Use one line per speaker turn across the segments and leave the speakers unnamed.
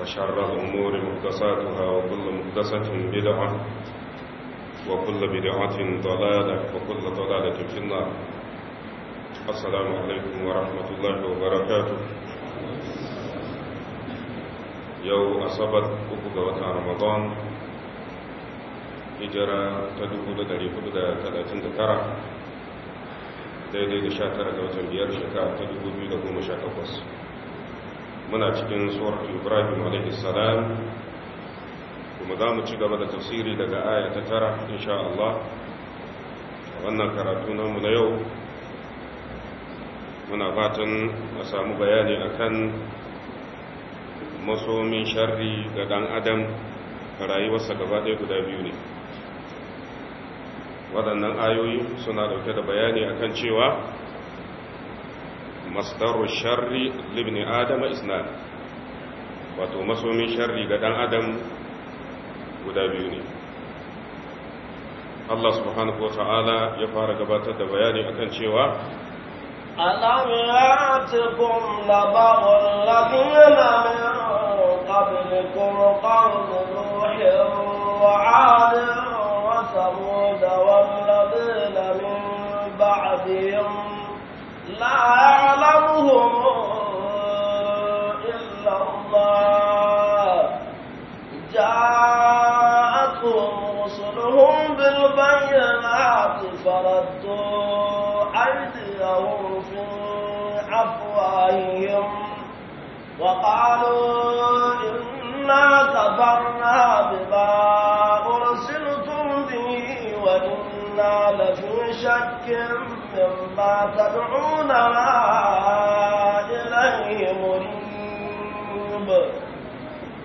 وشر الأمور مقدساتها وكل مقدسة بدعة وكل بدعة ضلالة وكل ضلالة في النار السلام عليكم ورحمة الله وبركاته يوم أصبت أبقى رمضان hijira ta 439 daidai da 19 ga watan biyar shekara ta 2018 muna cikin tsoron ibrahim salam kuma za mu ci gaba da tafsiri daga aya ta tara insha Allah wannan karatu namu na yau muna fatan a samu bayani akan masomin sharri ga dan adam rayuwarsa gaba ɗaya guda biyu ne waɗannan ayoyi suna ɗauke da bayani akan cewa masdaru sharri libni adama isnan wato masomin sharri ga dan adam guda biyu ne Allah subhanahu wata'ala ya fara gabatar da bayani akan cewa
alam ya'tikum nabaru alladhina min qablikum qawmu nuhin wa 'adin wa thamud wal ladina min ba'dihim لا يعلمهم إلا الله جاءتهم رسلهم بالبينات فردوا أيديهم في أفواههم وقالوا إنا كفرنا بما أرسلتم به وإنا لفي شك مما تدعوننا إليه مريب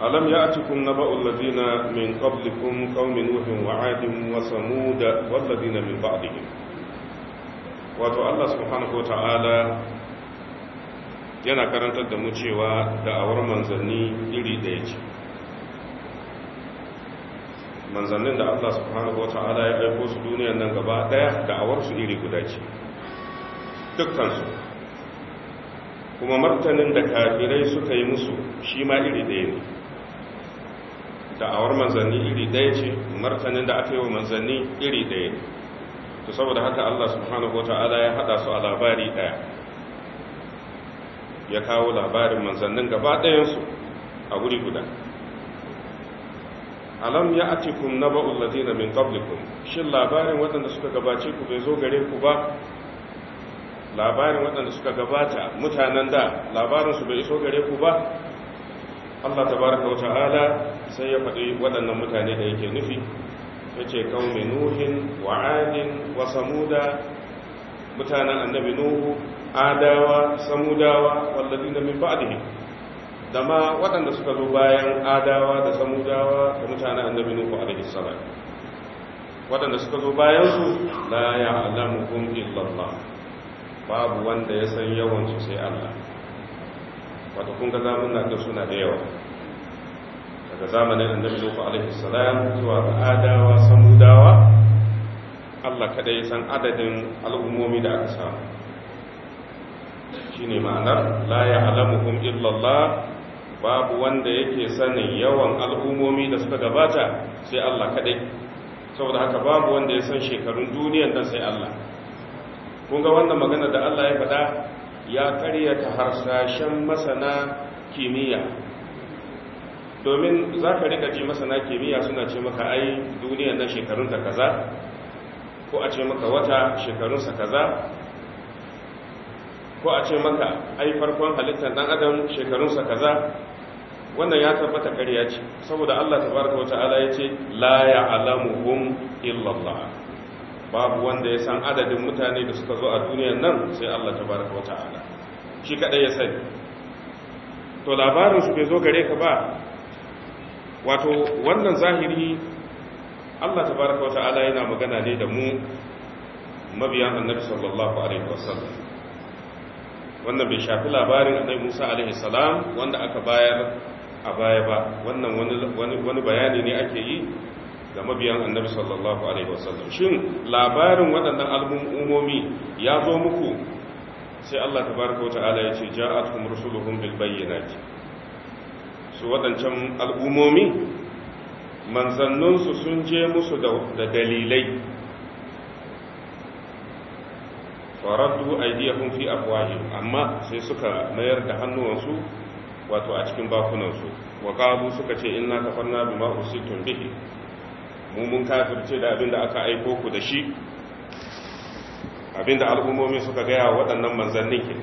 ألم يأتكم نبأ الذين من قبلكم قوم نوح وعاد وثمود والذين من بعدهم wato Allah subhanahu wata'ala yana karantar da mu cewa da awar manzanni iri ɗaya ce manzannin da Allah subhanahu wata'ala ya aiko su duniyar nan gaba daya da'awar su iri guda ce dukkansu kuma martanin da kafirai suka yi musu shi ma iri daya ne da'awar manzanni iri daya ce martanin da aka yi wa manzanni iri daya ne to saboda haka Allah subhanahu wata'ala ya hada su a labari daya ya kawo labarin manzannin gaba su a guri guda alam ya atikum naba'ul ladina min qablikum shin labarin waɗanda suka gabace ku bai zo gare ku ba labarin waɗanda suka gabata mutanen da labarinsu bai iso gare ku ba Allah ta baraka tabaraka wata'ala sai ya faɗi waɗannan mutane da yake nufi Ya yace qaumi nuhin wa'adin, 'adin wa samuda mutanen annabi nuhu adawa samudawa walladina min ba'dihi da ma waɗanda suka zo bayan adawa da samudawa da mutane annabi a alaihi salam waɗanda suka zo bayan su la kun illallah babu wanda ya san yawan su sai Allah Wata kun ga zamanin da suna da yawa daga zamanin annabi nuhu alaihi salam zuwa ga adawa samudawa Allah kadai san adadin al'ummomi da aka samu ne ma'anar la kun illallah babu wanda yake sanin yawan al'ummomi da suka gabata sai Allah kadai saboda haka babu wanda ya san shekarun duniyan nan sai Allah kun ga wannan magana da Allah ya faɗa ya ta harsashen masana kimiyya domin za ka rika ji masana kimiyya suna ce maka ai duniyan nan shekarunta kaza ko a ce maka wata shekarunsa kaza ko a ce maka ai farkon halittar dan adam shekarunsa kaza wannan ya tabbata ƙarya ce saboda Allah tabaraka wata'ala ya ce la alamu illa illallah, babu wanda ya san adadin mutane da suka zo a duniya nan sai Allah tabaraka wata'ala shi kaɗai ya sani to labarin su bai zo gare ka ba wato wannan zahiri Allah tabaraka wata'ala yana magana ne da mu mabiyan annabi sallallahu alaihi wasallam wannan bai shafi labarin annabi Musa alaihi salam wanda aka bayar a baya ba wannan wani bayani ne ake yi ga mabiyan annabi sallallahu alaihi wasallam shin labarin waɗannan al'ummomi ya zo muku sai Allah tabaraka wa ta'ala ya ce ja'atkum rusuluhum bil bayyinati su waɗancan al'ummomi manzanninsu sun je musu da dalilai faradu aydiyahum fi afwahihim amma sai suka mayar da hannuwansu wato a cikin bakunansu wa qalu suka ce inna kafarna bima tun bihi mu mun kafirce da abin da aka aiko ku da shi abin da al'ummomi suka gaya waɗannan manzannin ke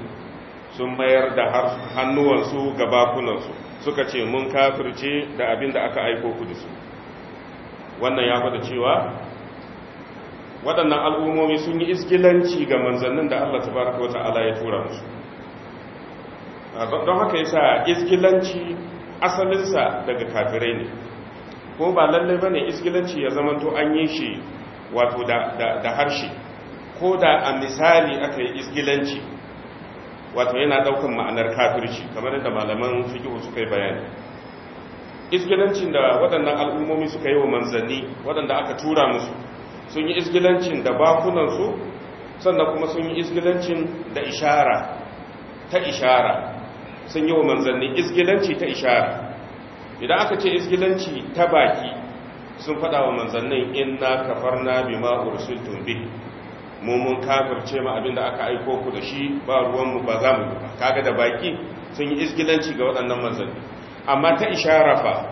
sun mayar da hannuwansu ga bakunansu suka ce mun kafirce da abin da aka aiko ku da su wannan ya gwada cewa waɗannan al'ummomi sun yi iskilanci ga manzannin da Allah tabaraka wa ta'ala ya tura musu don haka yasa isgilanci asalinsa daga kafirai ne ko ba lallai bane isgilanci ya zama to an yi shi wato da harshe ko da a misali aka yi isgilanci wato yana daukan ma'anar kafirci kamar yadda malaman fiqh suka yi bayani Isgilancin da waɗannan al'ummomi suka yi wa manzanni waɗanda aka tura musu sun yi isgilancin da su sannan kuma sun yi isgilancin da ishara ta ishara sun yi wa manzanni isgilanci ta ishara idan aka ce isgilanci ta baki sun faɗa wa manzannin inna na bima ursiltum bi mu mun kafirce ma abinda aka aiko ku da shi ba ruwanmu ba za mu ba kaga da baki sun yi isgilanci ga waɗannan manzanni amma ta ishara fa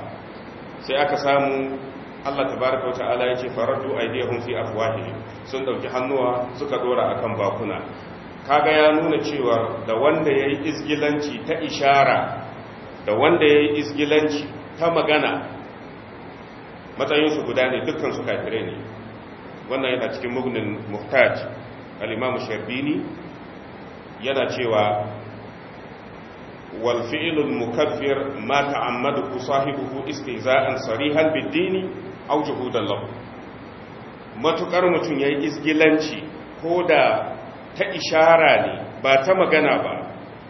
sai aka samu Allah tabaraka ya ce yace faraddu aydihum fi afwahihim sun ɗauki hannuwa suka dora akan bakuna kaga ya nuna cewa da wanda ya yi izgilanci ta ishara da wanda ya yi izgilanci ta magana matsayinsu guda ne dukkansu kafire ne wannan yana cikin mugnin muhtaj al'imamu sharbini yana cewa walfi'ilun mukaffir ma ta'ammadu ku sahibuhu istiza'an sarihan bid-dini aw juhudan lahu matukar mutum yayi isgilanci ko da ta ishara ne ba ta magana ba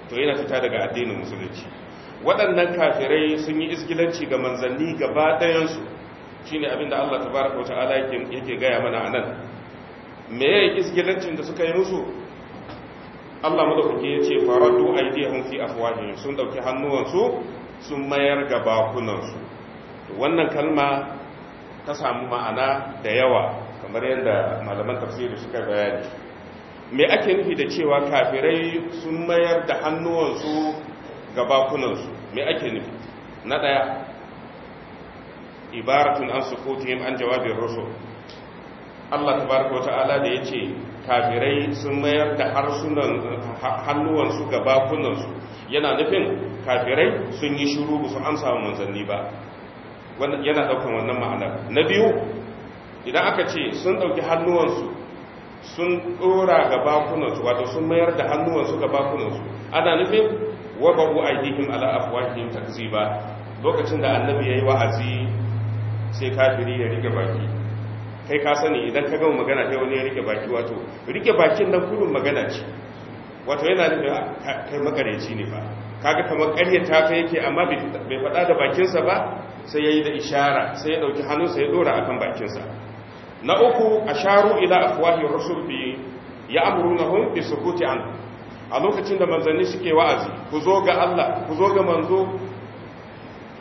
to yana fita daga addinin musulunci waɗannan kafirai sun yi isgilanci ga manzanni gaba ɗayansu shi ne abinda Allah ta baraka wata ala yake gaya mana a nan me ya yi isgilancin da suka yi musu Allah madaukake ya ce faradu aidiyahum fi afwahi sun ɗauki hannuwansu sun mayar ga bakunansu wannan kalma ta samu ma'ana da yawa kamar yadda malaman tafsiri suka bayani Mai ake nufi da cewa kafirai sun mayar da hannuwansu ga bakunansu Mai ake nufi na daya ibaratun an yin an jawabin rusu. Allah tabaraka wata'ala da ya ce kafirai sun mayar da harsunan hannuwansu ga bakunansu yana nufin kafirai sun yi shiru ba su amsa samu manzanni ba yana daukan wannan ma'ana na biyu idan aka ce sun dauki hannuwansu sun dora ga bakunansu wato sun mayar da hannuwansu ga bakunansu ana nufin wabahu aidihim ala afwahihim takziba lokacin da annabi yayi wa'azi sai kafiri ya rike baki kai ka sani idan ka gama magana sai wani ya rike baki wato rike bakin nan kullum magana ce wato yana nufin ah, kai makareci ne fa kaga kamar ƙaryata ta yake amma bai faɗa da bakinsa ba sai yayi da ishara sai ya ɗauki hannunsa ya ɗora akan bakinsa na uku a sharu ila afwahi rusul bi ya'murunahum bi sukuti an a lokacin da manzanni suke wa'azi ku zo ga Allah ku zo ga manzo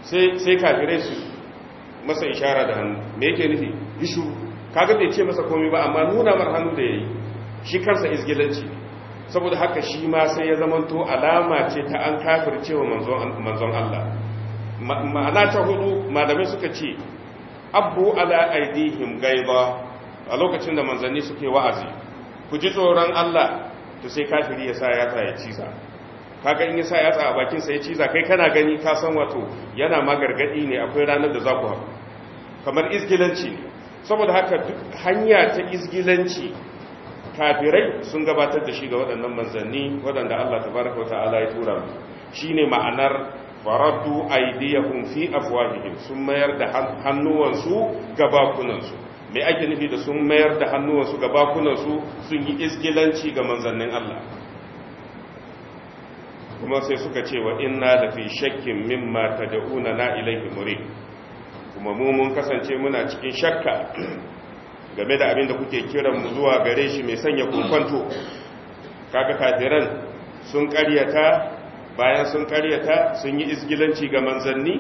sai sai kafirai su masa ishara da hannu me yake nufi yishu kaga bai ce masa komai ba amma nuna mar hannu da ya yi. shi kansa izgilanci saboda haka shi ma sai ya zamanto alama ce ta an kafircewa manzon Allah ma'ana ta hudu malamai suka ce abu ala aidihim gaiba a lokacin da manzanni suke wa'azi ku ji tsoron Allah to sai kafiri ya sa yatsa ya ciza kaga in ya sa yatsa a bakin sa ya ciza kai kana gani ka san wato yana magargadi ne akwai ranar da za ku haku kamar izgilanci saboda haka duk hanya ta izgilanci kafirai sun gabatar da shi ga waɗannan manzanni waɗanda Allah tabaraka wa ta'ala ya tura mu shine ma'anar faraddu aydiyahum fi afwahihim sun mayar da hannuwansu ga bakunansu me ake nufi da sun mayar da hannuwansu ga bakunansu sun yi iskilanci ga manzannin Allah kuma sai suka ce wa inna da fi shakkin mimma tad'una na ilayhi muri kuma mu mun kasance muna cikin shakka game da abin da kuke kiran mu zuwa gare shi mai sanya kokonto kaga kafiran sun karyata. bayan sun karyata sun yi izgilanci ga manzanni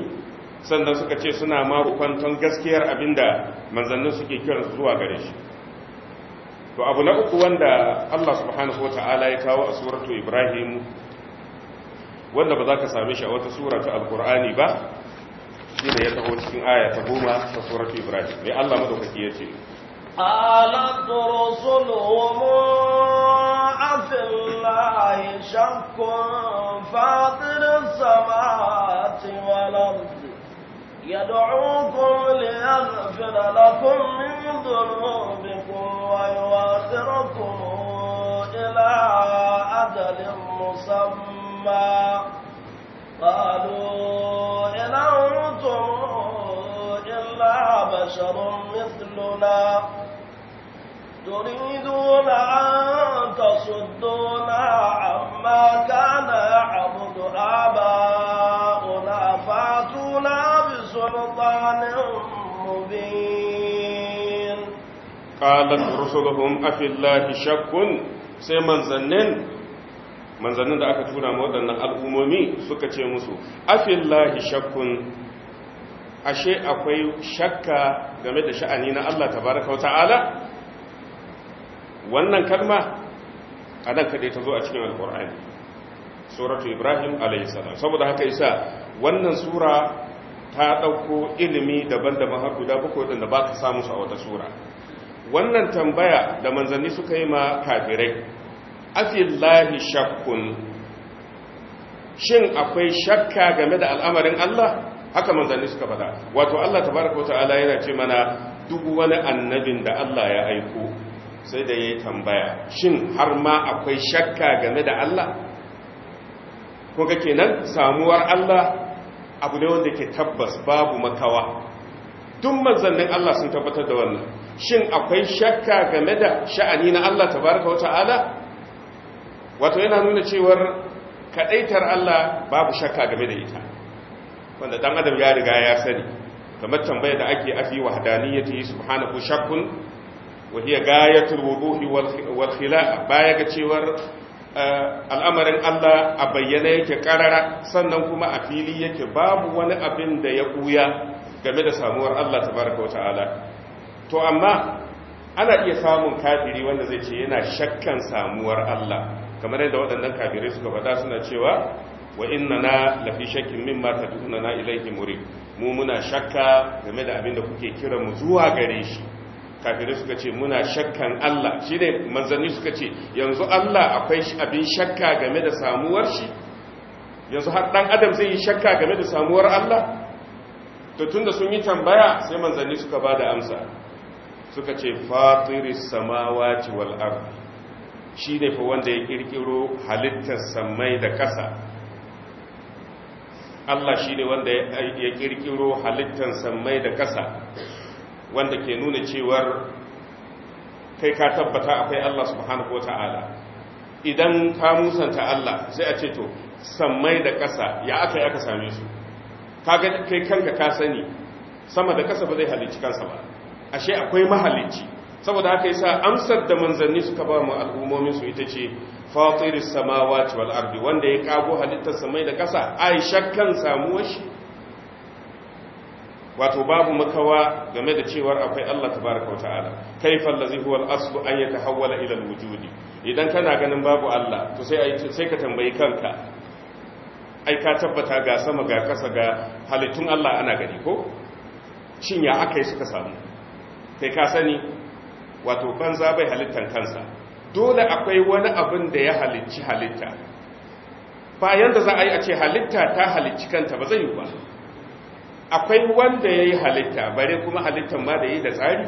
sannan suka ce suna maru gaskiyar abinda manzannin suke kiran zuwa gare shi to abu na uku wanda Allah subhanahu wata'ala ya kawo a suratu Ibrahim wanda ba za ka same shi a wata sura ta alkur'ani ba shi da ya taho cikin aya ta goma ta suratu Ibrahim mai Allah madaukaki ya ce
قالت رسلهم أفي الله شك فاطر السماوات يدعوكم ليغفر لكم من ذنوبكم ويؤخركم إلى أجل مسمى قالوا إن أنتم إلا بشر مثلنا تريدون أن تصدونا عما كان يعبد آباؤنا فاتونا بسلطان مبين
قالت رسلهم أفي الله شك سيمن زنين manzannin da aka tura ma waɗannan al'ummomi suka ce musu afillahi shakkun ashe akwai shakka game da sha'ani na Allah tabaraka wata'ala wannan kalma a nan kaɗai ta zo a cikin alkur'ani suratu ibrahim alaihissalam saboda haka isa wannan sura ta ɗauko ilimi daban-daban har guda bakwai waɗanda ba ka samu su a wata sura wannan tambaya da manzanni suka yi ma kafirai afillahi shakkun shin akwai shakka game da al'amarin Allah haka manzanni suka faɗa wato Allah tabaraka wata'ala yana ce mana duk wani annabin da Allah ya aiko sai da yayi tambaya shin har ma akwai shakka game da Allah ko ga kenan samuwar Allah abu ne wanda ke tabbas babu makawa duk manzannin Allah sun tabbatar da wannan shin akwai shakka game da sha'ani na Allah tabaraka wata'ala wato yana nuna cewar kadaitar Allah babu shakka game da ita wanda dan adam ya riga ya sani kamar tambayar da ake afi wahdaniyati subhanahu shakkun wa hiya gayatul wuduhi wal khila baya ga cewar eh, al'amarin Allah a bayyana yake karara sannan kuma a fili yake babu wani abin da ya buya game da samuwar Allah tabaraka wata'ala to amma ana iya samun kafiri wanda zai ce yana shakkan samuwar Allah kamar yadda waɗannan kafirai suka faɗa suna cewa wa inna na lafi shakkin mata tad'una na ilayhi himuri. mu muna shakka game da abin da kuke kira mu zuwa gare shi kafirai suka ce muna shakkan Allah Shi ne manzanni suka ce yanzu Allah akwai abin shakka game da samuwar shi yanzu har dan adam zai yi shakka game da samuwar Allah to tunda sun yi tambaya sai manzanni suka ba da amsa suka ce fatiris samawati wal ardi ne fa wanda ya kirkiro halittar samai da ƙasa. Allah shi ne wanda ya kirkiro halittar sammai da ƙasa wanda ke nuna cewar kai ka tabbata akwai Allah subhanahu ta’ala idan ka musanta Allah sai a ce to sammai da ƙasa ya aka yi aka same su kaga kai kanka ka sani sama da ƙasa ba zai halicci kansa ba ashe akwai mahalicci saboda haka sa, amsar da manzanni suka ba mu al'ummomin su ita ce fatiris samawati wal ardi wanda ya kago halitta samai da ƙasa ai shakkan samuwar shi wato babu makawa game da cewar akwai Allah tabaraka ta'ala kaifal ladhi huwa al asl an yatahawwala ila al-wujudi idan kana ganin babu Allah to sai sai ka tambayi kanka ai ka tabbata ga sama ga kasa ga halittun Allah ana gani ko shin ya akai suka samu kai ka sani wato banza bai halittan kansa dole akwai wani abin da ya halicci halitta bayan da za a yi a ce halitta ta halicci kanta ba zai yi ba akwai wanda ya yi halitta bare kuma halittan ma da yi da tsari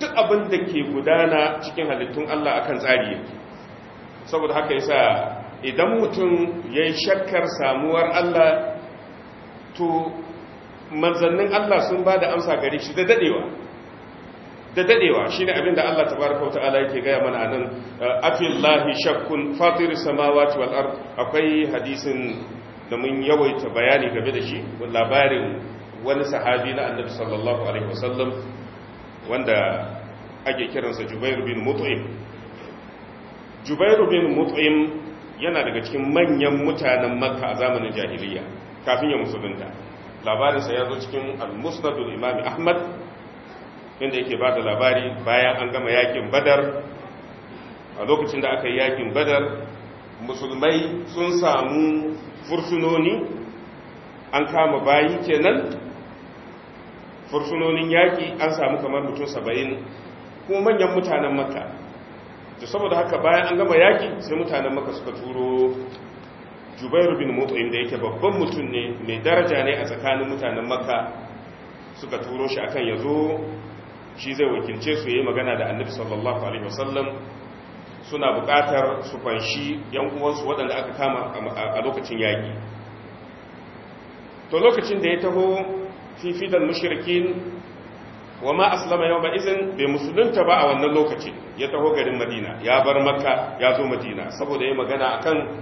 duk abin da ke gudana cikin halittun Allah akan tsari yake saboda haka yasa idan mutum ya yi shakkar samuwar Allah to manzannin Allah sun ba da amsa gare shi da dadewa da dadewa shine abin da Allah tabaraka wa ta'ala yake gaya mana anan afillahi shakkun fatir samawati wal ard akwai hadisin da mun yawaita bayani game da shi labarin wani sahabi na annabi sallallahu alaihi wasallam wanda ake kiransa Jubair bin Mut'im Jubair bin Mut'im yana daga cikin manyan mutanen Makka a zamanin jahiliya kafin ya musulunta labarinsa ya zo cikin al-Musnad al-Imam Ahmad inda yake ba da labari bayan an gama yakin badar a lokacin da aka yi yakin badar musulmai sun samu fursunoni an kama bayi kenan fursunonin yaƙi an samu kamar mutum saba'in kuma manyan mutanen maka da saboda haka bayan an gama yaki sai mutanen maka suka turo jubairu bin motsayin da yake babban mutum ne mai daraja ne a tsakanin mutanen maka suka turo shi akan ya zo shi zai wakilce su yayi magana da annabi sallallahu alaihi wasallam suna buƙatar su fanshi yan uwansu waɗanda aka kama a lokacin yaƙi to lokacin da ya taho fifidan mushrikin wa ma aslama yau ba izin bai musulunta ba a wannan lokacin ya taho garin madina ya bar makka ya zo madina saboda ya magana akan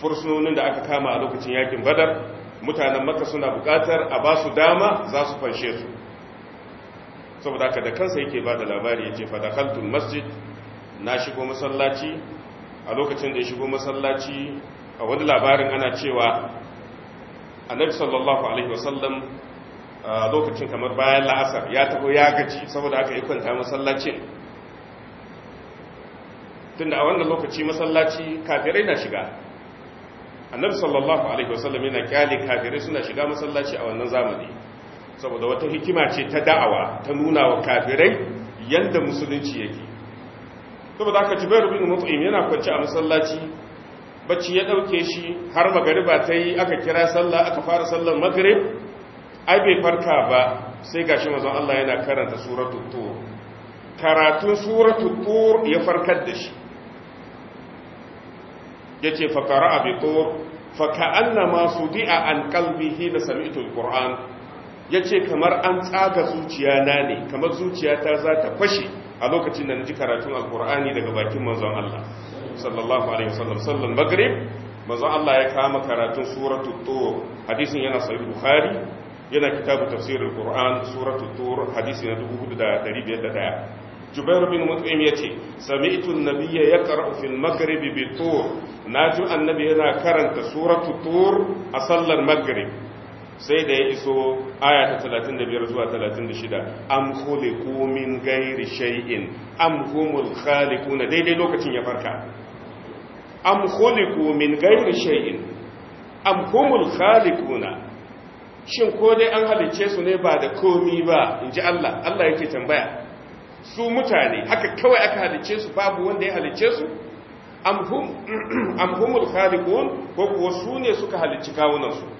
fursunonin da aka kama a lokacin yakin badar mutanen makka suna buƙatar a ba su dama za su fanshe su saboda haka da kansa yake ba da labari ya ce fadakaltul masjid na shigo masallaci a lokacin da ya shigo masallaci a wani labarin ana cewa annabi sallallahu alaihi wasallam a lokacin kamar bayan la'asar ya taho ya gaji saboda aka yi kwanta masallacin tunda a wannan lokaci masallaci kafirai na shiga annabi sallallahu alaihi wasallam yana kyale kafirai suna shiga masallaci a wannan zamani saboda wata hikima ce ta da'awa ta nuna wa kafirai yadda musulunci yake saboda ci jubair bin mut'im yana kwance a masallaci bacci ya dauke shi har magariba ta yi aka kira sallah aka fara sallar magarib ai bai farka ba sai gashi manzon Allah yana karanta suratul tur karatun suratul tur ya farkar da shi yace fa qara'a bi tur fa ka'annama sudi'a an qalbihi la sami'tu al-qur'an ya ce kamar an tsaga zuciya na ne kamar zuciya ta za ta fashe a lokacin da na ji karatun alkur'ani daga bakin manzon Allah sallallahu alaihi wasallam sallan maghrib manzon Allah ya kama karatun suratu tur hadisin yana sahih bukhari yana kitabu tafsir alquran suratu tur hadisi na 4501 jubair bin mut'im yace sami'tu an-nabiyya yaqra'u fil maghrib bi tur naji annabi yana karanta suratu tur a sallar maghrib sai da ya iso aya ta 35 zuwa 36 am khuliqu min ghairi shay'in am humul khaliquna daidai lokacin ya farka am khuliqu min ghairi shay'in am humul khaliquna shin ko dai an halicce su ne ba da komi ba inji Allah Allah yake tambaya su mutane haka kawai aka halicce su babu wanda ya halicce su am hum am humul khaliqun ko ko su ne suka halicci kawunan su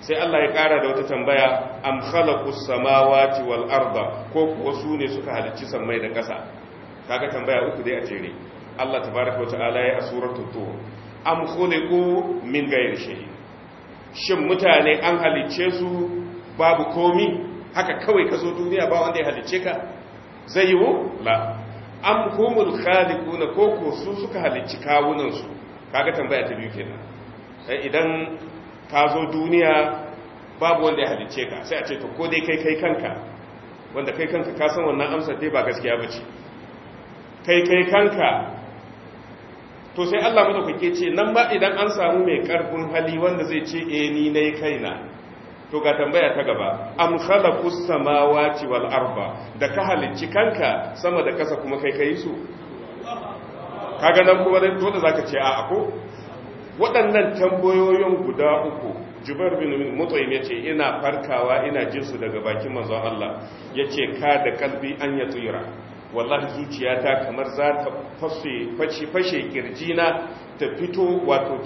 sai Allah ya ƙara da wata tambaya am khalaqus samawati wal arda ko kuwa su ne suka halicci samai da ƙasa kaga tambaya uku dai a jere Allah tabaaraka wa ta'ala ya asuratul tur am khuliqu min ghairi shay'in shin mutane an halicce su babu komi haka kawai ka zo duniya ba wanda ya halicce ka zai yiwu la am humul khaliquna ko ko su suka halicci kawunan su kaga tambaya ta biyu kenan eh, idan ka zo duniya babu wanda ya halicce ka sai a ce to ko dai kai kai kanka wanda kai kanka ka san wannan amsar dai ba gaskiya ba ce kai kai kanka to sai Allah madaukake ce nan ba idan an samu mai karfin hali wanda zai ce e ni nai kaina to ga tambaya ta gaba am khalaqus samawati wal arba da ka halicci kanka sama da kasa kuma kai kai su kaga nan kuma dai to da zaka ce a ko waɗannan tambayoyin guda uku jubar bin mutum ya ce ina farkawa ina jinsu daga bakin manzon Allah ya ce ka da kalbi an ya tsira wallahi zuciyata kamar za ta fashe kirjina ta fito wato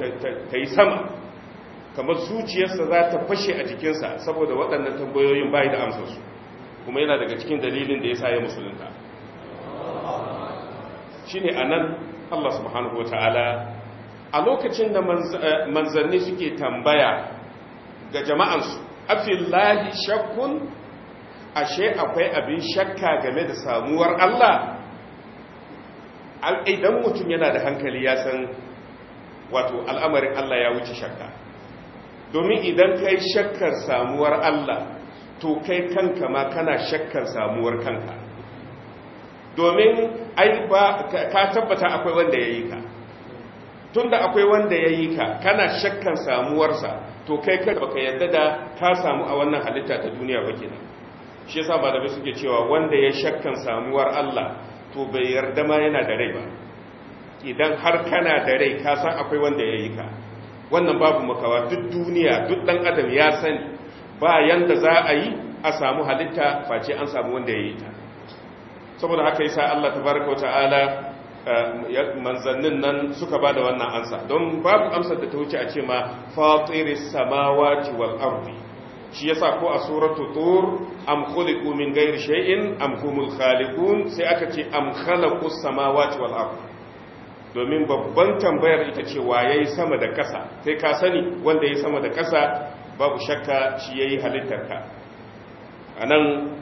ta yi sama kamar zuciyarsa za ta fashe a jikinsa saboda waɗannan tambayoyin bayi da amsarsu kuma yana daga cikin dalilin da ya sa ya musulunta shi ne a nan Allah subhanahu wa ta'ala a lokacin da eh, manzanni suke tambaya ga jama'ansu afillahi shakkun ashe akwai abin shakka game da samuwar Allah idan mutum yana da hankali ya san wato al'amarin Allah ya wuce shakka domin idan kai shakkar samuwar Allah to kai kanka ma kana shakkar samuwar kanka domin ai ba ka tabbata akwai wanda ya yi ka tunda akwai wanda ya yi ka kana shakkan samuwarsa to kai kada baka yarda da ka samu a wannan halitta ta duniya ba kenan shi yasa ba da suke cewa wanda ya shakkan samuwar Allah to bai yarda ma yana da rai ba idan har kana da rai ka san akwai wanda ya yi ka wannan babu makawa duk duniya duk dan adam ya sani ba yanda za a yi a samu halitta face an samu wanda ya yi ta saboda haka yasa Allah tabaraka wa ta'ala Eh, manzannin nan suka ba da wannan ansa don babu amsar da ta wuce a ce ma fatiris samawati wal ardi shi yasa ko a suratu tur am khuliqu min ghairi shay'in am humul khaliqun sai aka ce am khalaqu samawati wal ardi domin babban tambayar ita ce wa yayi sama da kasa sai ka sani wanda yayi sama da kasa babu shakka shi yayi halittarka anan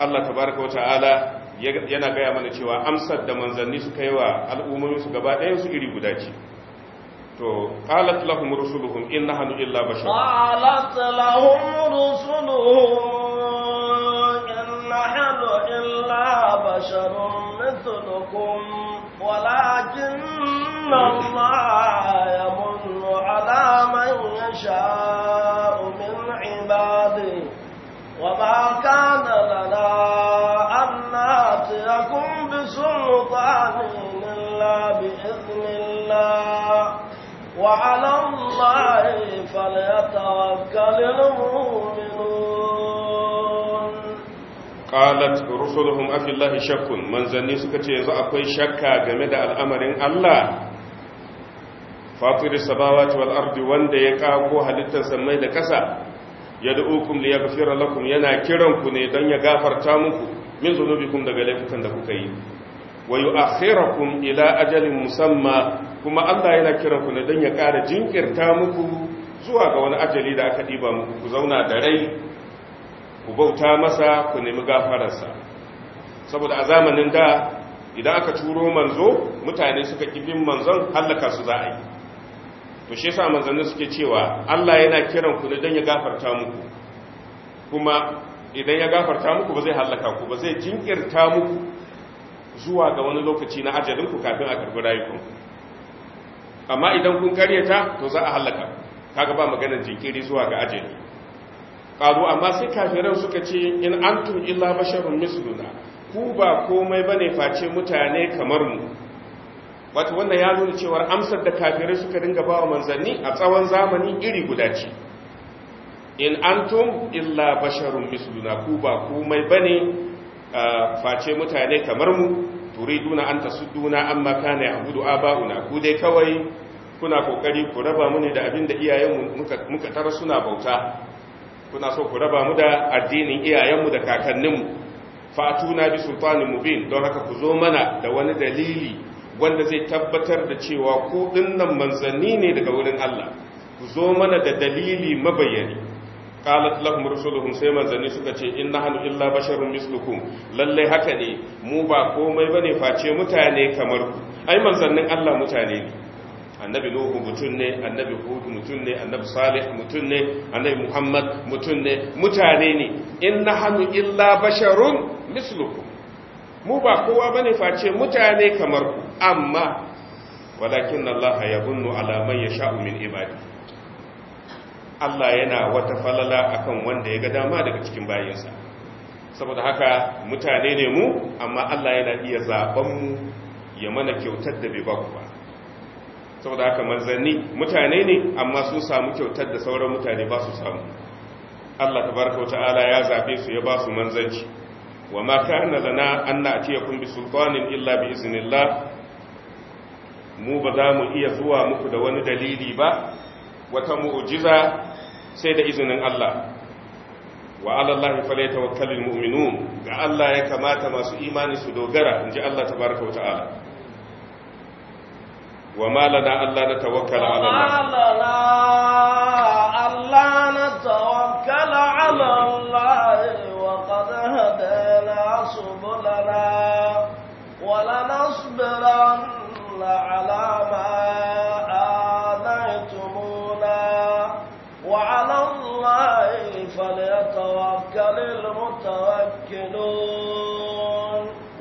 Allah tabaraka wa ta'ala yana gaya mana cewa amsar da manzanni suka yi wa al'ummomi su gaba ɗayan su iri guda ce to qalat lahum rusuluhum in hannu illa bashar
qalat lahum rusuluhum in nahnu illa basharun mithlukum walakin ya yamunnu ala ya yasha'u min ibadihi wa ma kana lana ناتيكم بسلطان إلا بإذن الله وعلى الله فليتوكل المؤمنون
قالت رسلهم أفي الله شك من زني سكتي يزا أكوي شكا جمد الأمر الله
fatir samawati wal ardi wanda ya
ko halittar samai da kasa yad'ukum liyaghfira lakum yana kiran ne don ya gafarta muku min zunubikum daga laifukan da kuka yi wa yu'akhirakum ila ajalin musamma kuma Allah yana kiran ku ne dan ya ƙara jinkirta muku zuwa ga wani ajali da aka diba muku ku zauna da rai ku bauta masa ku nemi gafararsa saboda a zamanin da idan aka turo manzo mutane suka kibin manzon halaka su za a yi to shi yasa manzanni suke cewa Allah yana kiran ku ne dan ya gafarta muku kuma idan ya gafarta muku ba zai hallaka ku ba zai jinkirta muku zuwa ga wani lokaci na ajalinku kafin a karbi rayukanku amma idan kun karyata to za a hallaka kaga ba maganar jinkiri zuwa ga ajali qalu amma sai kafiran suka ce in antum illa basharun misluna ku ba komai bane face mutane kamar mu wato wannan ya nuna cewar amsar da kafirai suka dinga bawa manzanni a tsawon zamani iri guda ce in antum illa basharun misluna ku ba komai bane face mutane kamar mu turiduna an tasudduna amma kana ya'budu aba'una ku dai kawai kuna kokari ku raba mu ne da abin da iyayenmu muka muka tara suna bauta kuna so ku raba mu da addinin iyayenmu da kakanninmu fatuna bi sultanin mubin don haka ku zo mana da wani dalili wanda zai tabbatar da cewa ku dinnan manzanni ne daga wurin Allah ku zo mana da dalili mabayani qalat lahum rusuluhum sai manzanni suka ce inna hanu illa basharun mislukum lalle haka ne mu ba komai bane face mutane kamar ku ai manzannin Allah mutane ne annabi nuhu mutun ne annabi hud mutun ne annabi salih mutun ne annabi muhammad mutun ne mutane ne inna hanu illa basharun mislukum mu ba kowa bane face mutane kamar ku amma walakin Allah ya bunnu ala man yasha'u min ibadihi Allah yana wata falala akan wanda ya ga dama daga cikin bayansa saboda haka mutane ne mu amma Allah yana iya zaben mu ya mana kyautar da bai ba ku ba saboda haka manzanni mutane ne amma sun samu kyautar da sauran mutane ba su samu Allah tabaraka wa ta'ala ya zabe su ya ba su manzanci wa ma kana lana an na'tiyakum bi sultanin illa bi iznillah mu ba za mu iya zuwa muku da wani dalili ba wata mu'ujiza. sai da izinin Allah wa alallahi falai tawakkalul mu'minun ga Allah ya kamata masu imani su dogara inji Allah tabaraka wa ta'ala wa ma lana Allah na tawakkala ala Allah
Allah na tawakkala ala Allah wa qad hadana subulana wa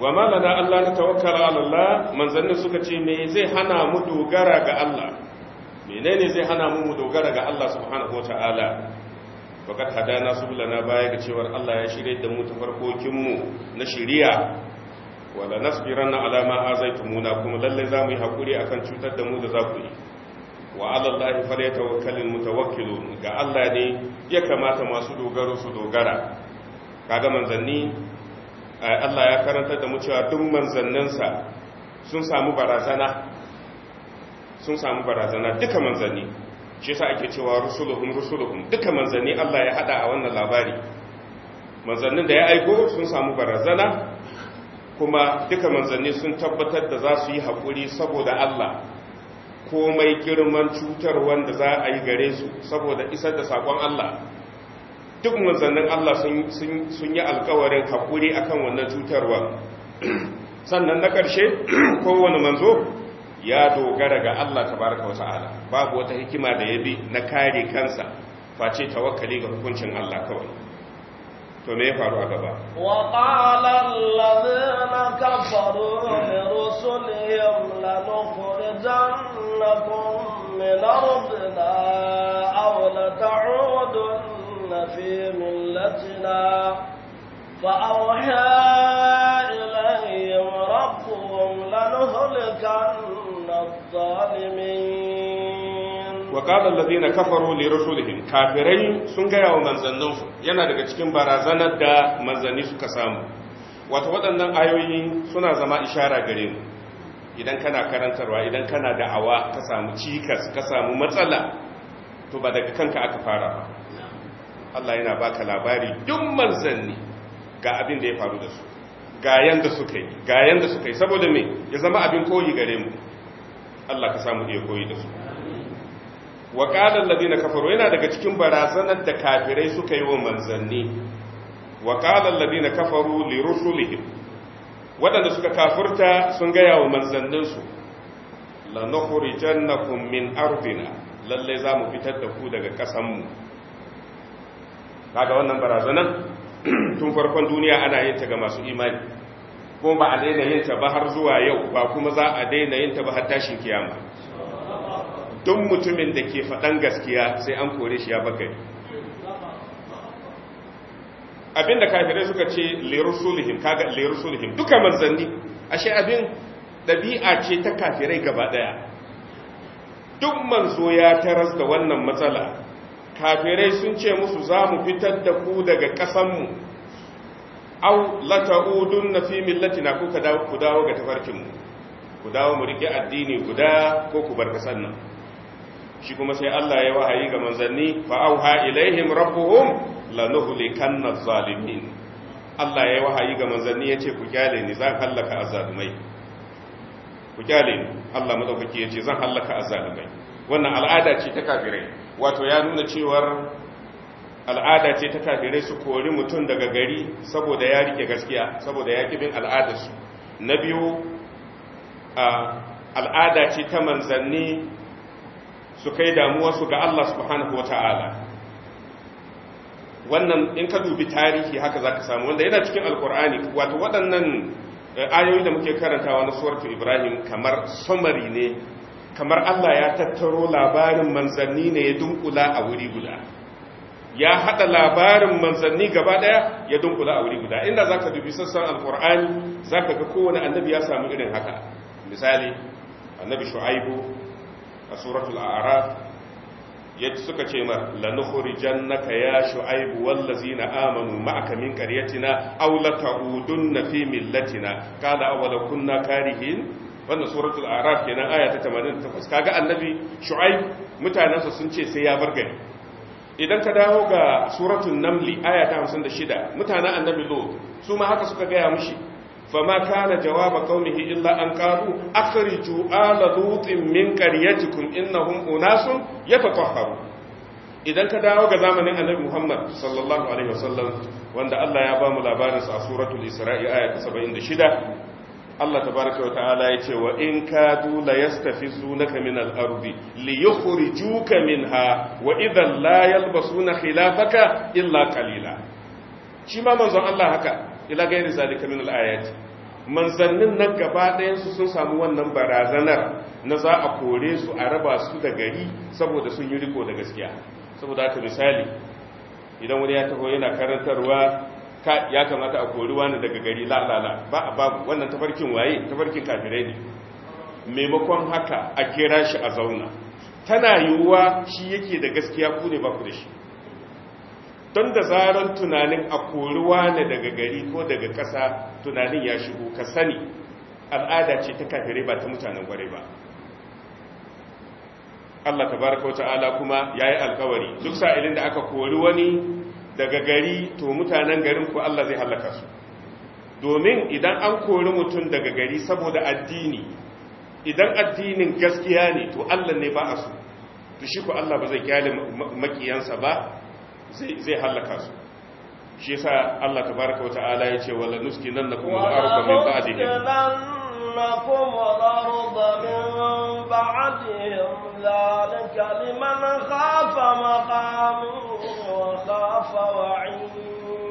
wa ma lana Allah na tawakkala ala Allah manzannin suka ce me zai hana mu dogara ga Allah menene zai hana mu mu dogara ga Allah subhanahu wataala faqad hadana subulana baya ga cewar Allah ya shirye da mu ta farkokin mu na shiriya wala nasbiranna ala ma azaitumuna kuma lalle za mu yi hakuri akan cutar da mu da za ku yi wa ala Allah falyatawakkalul mutawakkilun ga Allah ne ya kamata masu dogaro su dogara kaga manzanni Allah ya karanta da mu cewa duk manzanninsa sun samu barazana sun samu barazana duka manzanni shi yasa ake cewa rusuluhum rusuluhum duka manzanni Allah ya hada a wannan labari manzannin da ya aiko sun samu barazana kuma duka manzanni sun tabbatar da za su yi haƙuri saboda Allah komai girman cutar wanda za a yi gare su saboda isar da saƙon Allah duk manzannin Allah sun yi alkawarin haƙuri akan wannan cutarwa sannan na ƙarshe kowane manzo ya dogara ga Allah baraka wa ta'ala babu wata hikima da ya bi na kare kansa face tawakkali ga hukuncin Allah kawai to me ya faru a gaba
wa qala allazina kafaru rusulihim min ardina aw آياتنا فأوحى إليهم ربهم لنهلكن الظالمين
وقال الذين كفروا لرسلهم sun gaya wa manzanninsu yana daga cikin barazanar da manzani suka samu Wata waɗannan ayoyi suna zama ishara gare mu idan kana karantarwa idan kana da'awa ka samu cikas ka matsala to ba daga kanka aka fara ba Allah yana baka labari duk manzanni ga abin da ya faru da su ga yanda suka yi ga yanda suka yi saboda me ya zama abin koyi gare mu Allah ka samu iya koyi da su wa qala alladhina kafaru yana daga cikin barazanar da kafirai suka yi wa manzanni wa qala alladhina kafaru li rusulihim wadanda suka kafurta sun gaya wa manzannin su la nukhrijannakum min ardina lalle za mu fitar da ku daga kasan mu kaga wannan barazanan tun farkon duniya ana yin ta ga masu imani kuma ba a daina yin ta ba har zuwa yau ba kuma za a daina yin ta ba har tashin kiyama duk mutumin da ke faɗan gaskiya sai an kore shi ya abin abinda kafirai suka ce lirusulihim kaga lirusulihim duka manzanni ashe abin dabi'a ce ta kafirai gaba daya duk manzo ya taras da wannan matsala kafirai sun ce musu za mu fitar da ku daga ƙasanmu au lata'udun na fi millatina ku ku dawo ga tafarkinmu ku dawo mu rike addini guda ko ku bar ƙasan nan shi kuma sai Allah ya wahayi ga manzanni fa auha ilaihim rabbuhum lanuhlikanna zalimin Allah ya wahayi ga manzanni yace ku kyale ni zan hallaka azzalimai ku kyale ni Allah madaukaki yace zan hallaka azzalimai wannan al'ada ce ta kafirai wato ya nuna cewar al'ada ce ta kafire su kori mutum daga gari saboda ya rike gaskiya saboda ya bin al'adarsu na biyu al'ada ce ta manzanni su kai damuwarsu ga Allah subhanahu wa ta'ala wannan in ka dubi tarihi haka za ka samu wanda yana cikin alkur'ani wato waɗannan eh, ayoyi da muke karantawa na suwarta ibrahim kamar samari ne kamar Allah ya tattaro labarin manzanni ne ya dunkula a wuri guda ya hada labarin manzanni gaba daya ya dunkula a wuri guda inda zaka dubi sassan alqur'ani zaka ga kowane annabi ya samu irin haka misali annabi shu'aibu a suratul a'raf yace suka ce mar lanukhrijannaka ya shu'aibu wallazina amanu ma'aka min qaryatina aw lata'udunna fi millatina kala awala kunna karihin wannan suratul araf kenan aya ta 88 kaga annabi shu'aib mutanansa sun ce sai ya bar gari idan ka dawo ga suratul namli aya ta 56 mutanen annabi lo su ma haka suka gaya mushi fama kana jawaba qaumihi illa an qalu akhriju ala lutin min qaryatikum innahum unasun yatatahharu idan ka dawo ga zamanin annabi muhammad sallallahu alaihi wasallam wanda Allah ya ba mu labarin sa a suratul isra'i aya ta 76 Allah tabaraka wata'ala ya ce wa in kadu la yastafizunaka min al-ardi li yukhrijuka minha wa idhan la yalbasuna khilafaka illa qalila shi ma manzon Allah haka ila gairi zalika min al-ayat manzannin nan gaba ɗayan su sun samu wannan barazanar na za a kore su a raba su da gari saboda sun yi riko da gaskiya saboda haka misali idan wani ya taho yana karantarwa ya kamata a kori wani daga gari la ba a babu wannan tafarkin waye tafarkin kafirai ne maimakon haka a kera shi a zauna tana yiwuwa shi yake da gaskiya ku ne ba da shi don da zaron tunanin a kori wani daga gari ko daga ƙasa tunanin ya shigo ka sani al'ada ce ta kafirai ba ta mutanen gwarai ba Allah ta wa ta'ala kuma yi alkawari duk sa'ilin da aka kori wani daga gari to mutanen garin ku Allah zai halaka su domin idan an kori mutum daga gari saboda addini idan addinin gaskiya ne to Allah ne ba a su to shi ku Allah ba zai kyale makiyansa ba zai halaka su shi yasa Allah tabaraka wa ta'ala ya ce wala na kuma arba min ba'dihim
لكم الأرض من بعدهم ذلك لمن خاف مقام وخاف وعيد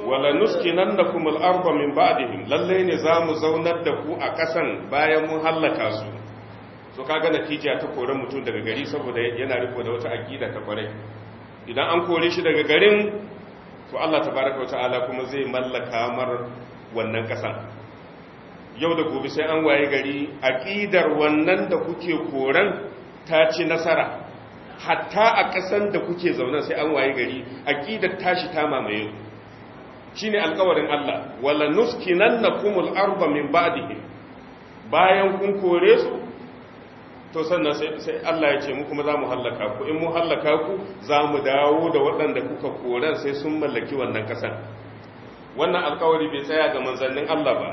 ولنسكننكم الأرض من بعدهم للي نظام a دكو bayan بايا مهلكا su. so kaga natija ta kore mutum daga gari saboda yana riko da wata aqida ta kwarai idan an kore shi daga garin to Allah tabaraka wa ta'ala kuma zai mallaka mar wannan kasan yau da gobe sai an waye gari aƙidar wannan da kuke koran ta ci nasara hatta a kasan da kuke zaune sai an waye gari aƙidar tashi ta mamaye shine alƙawarin Allah wala nuskinannakumul arda min ba'dihi bayan kun kore su to sannan sai Allah ya ce mu kuma za mu hallaka ku in mu hallaka ku za mu dawo da waɗanda kuka koran sai sun mallaki wannan kasan wannan alƙawari bai tsaya ga manzannin Allah ba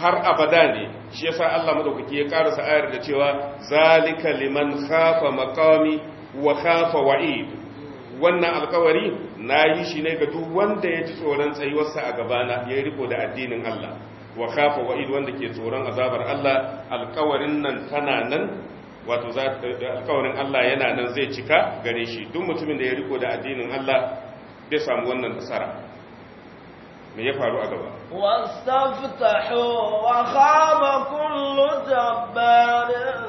har abada ne shi yasa Allah madaukaki ya karasa ayar da cewa zalika liman khafa maqami wa khafa wa'id wannan alkawari nayi shi ne ga duk wanda ya ji tsoron tsayuwarsa a gabana ya riko da addinin Allah wa khafa wa'id wanda ke tsoron azabar Allah alkawarin nan tana nan wato alkawarin Allah yana nan zai cika gare shi duk mutumin da ya riko da addinin Allah bai samu wannan nasara me ya faru a gaba
wastaftahu wa khaba kullu jabbarin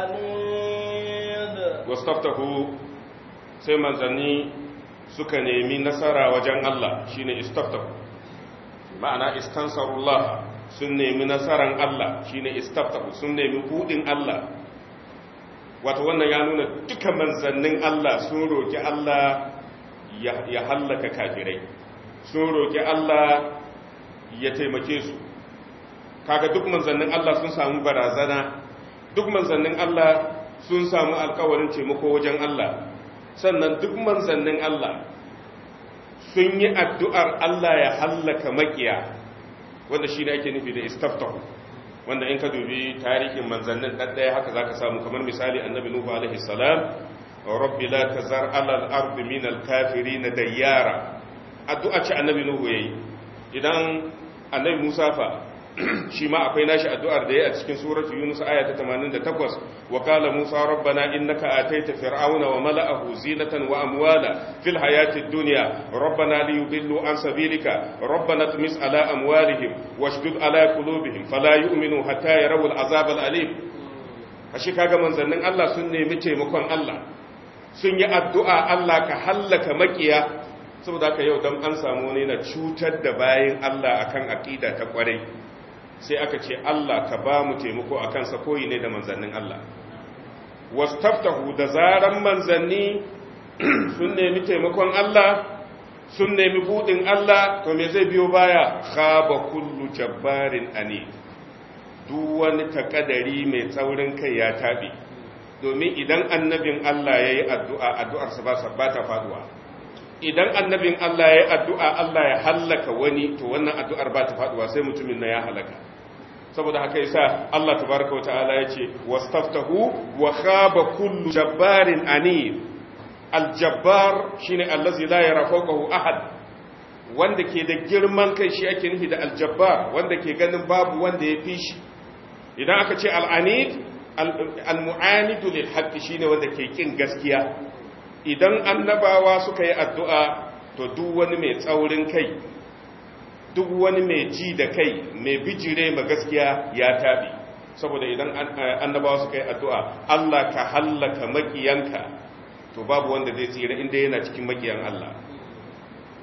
anid
wastaftahu sai manzanni suka nemi nasara wajen Allah shine istaftahu ma'ana istansarullah sun nemi nasaran Allah shine istaftahu sun nemi budin Allah wato wannan ya nuna duka manzannin Allah sun roki Allah ya hallaka kafirai sun roƙi Allah ya taimake su kaga duk manzannin Allah sun samu barazana duk manzannin Allah sun samu alkawarin taimako wajen Allah sannan duk manzannin Allah sun yi addu'ar Allah ya hallaka makiya wanda shi ne ake nufi da istaftahu wanda in ka dubi tarihin manzannin ɗaɗɗaya haka za ka samu kamar misali annabi nuhu alaihi salam rabbi la tazar alal ardi min al na dayyara addu'a ce annabi nuhu yayi idan annabi musa fa shi ma akwai nashi addu'ar da ya a cikin suratu yunus aya ta 88 wa qala musa rabbana innaka ataita fir'auna wa mala'ahu zinatan wa amwala fil hayati dunya rabbana liyudillu an sabilika rabbana tumis ala amwalihim washdud ala qulubihim fala yu'minu hatta yarawu al'azab al'alim ashi kaga manzannin Allah sun nemi taimakon Allah sun yi addu'a Allah ka hallaka makiya saboda haka yau don an samu ne na cutar da bayan Allah akan aqida ta kwarai sai aka ce Allah ka ba mu taimako akan sa koyi ne da manzannin Allah wastaftahu da zaran manzanni sun nemi taimakon Allah sun nemi buɗin Allah to me zai biyo baya khaba kullu jabbarin ani duk wani takadari mai tsaurin kai ya tabe domin idan annabin Allah ya yi addu'a addu'arsa ba ta faduwa idan annabin Allah ya addu'a Allah ya hallaka wani to wannan addu'ar ba ta faduwa sai mutumin na ya halaka saboda haka yasa Allah tabaraka wata'ala ya ce wastaftahu wa khaba kullu jabbarin Anir, aljabbar ne allazi la yara fawqahu ahad wanda ke da girman kai shi ake nufi da aljabbar wanda ke ganin babu wanda ya fi shi idan aka ce al'anid al-mu'anidu lil haqqi shine wanda ke kin gaskiya idan annabawa suka yi addu'a to duk wani mai tsaurin kai duk wani mai ji da kai mai bijire ma gaskiya ya taɓi saboda idan eh, annabawa suka yi addu'a Allah ka hallaka makiyanka to babu wanda zai tsira inda yana cikin makiyan Allah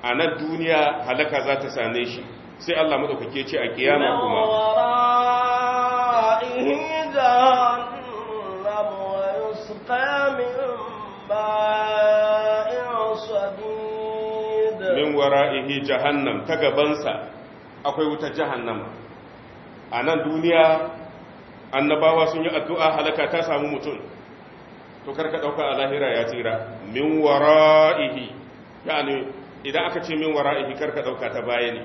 a nan duniya halaka za ta same shi sai Allah maɗaukake ce a kiyama kuma Min wara'ihi, jahannam ta gabansa, akwai wuta jahannama a nan duniya annabawa sun yi addu'a halaka ta samu mutum to karka ɗauka a lahira ya tsira min wara'ihi ne idan aka ce min wara'ihi karka ɗauka ta baya ne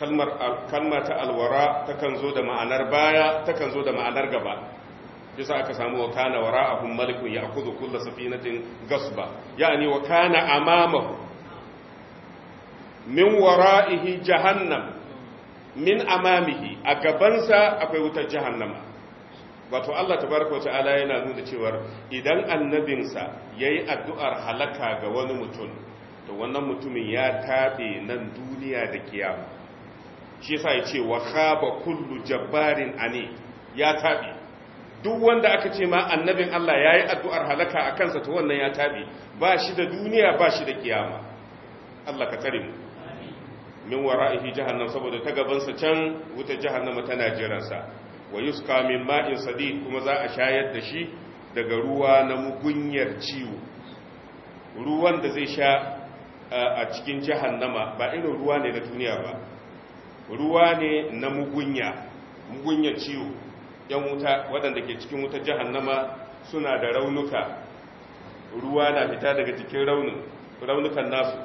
kalmar ta alwara ta kan zo da ma'anar baya ta kan zo da ma'anar gaba yasa aka samu wa kana wara'ahum malikun kudu kull safinatin gasba yani wa kana amamahu min wara'ihi jahannam min amamihi a gabansa akwai wutar jahannama wato Allah ta tabaraka Ala yana nuna cewa idan annabinsa yayi addu'ar halaka ga wani mutum to wannan mutumin ya taɓe nan duniya da kiyama shi yasa ce wa khaba kullu jabbarin ne? ya taɓe. duk wanda aka ce ma annabin Allah ya yi addu'ar halaka a kansa ta wannan ya taɓe ba shi da duniya ba shi da kiyama Allah ka tsare mu min ra’ihi jihannan saboda ta gabansa can wuta jihannan tana jiransa wa suka min ma'in sadi kuma za a shayar da shi daga ruwa na mugunyar ciwo ruwan da zai sha a cikin jahannama ba irin ruwa ne na duniya ba ruwa ne na mugunya mugunyar ciwo yan wuta waɗanda ke cikin wuta jahannama suna da raunuka ruwa na fita daga cikin raunukan nasu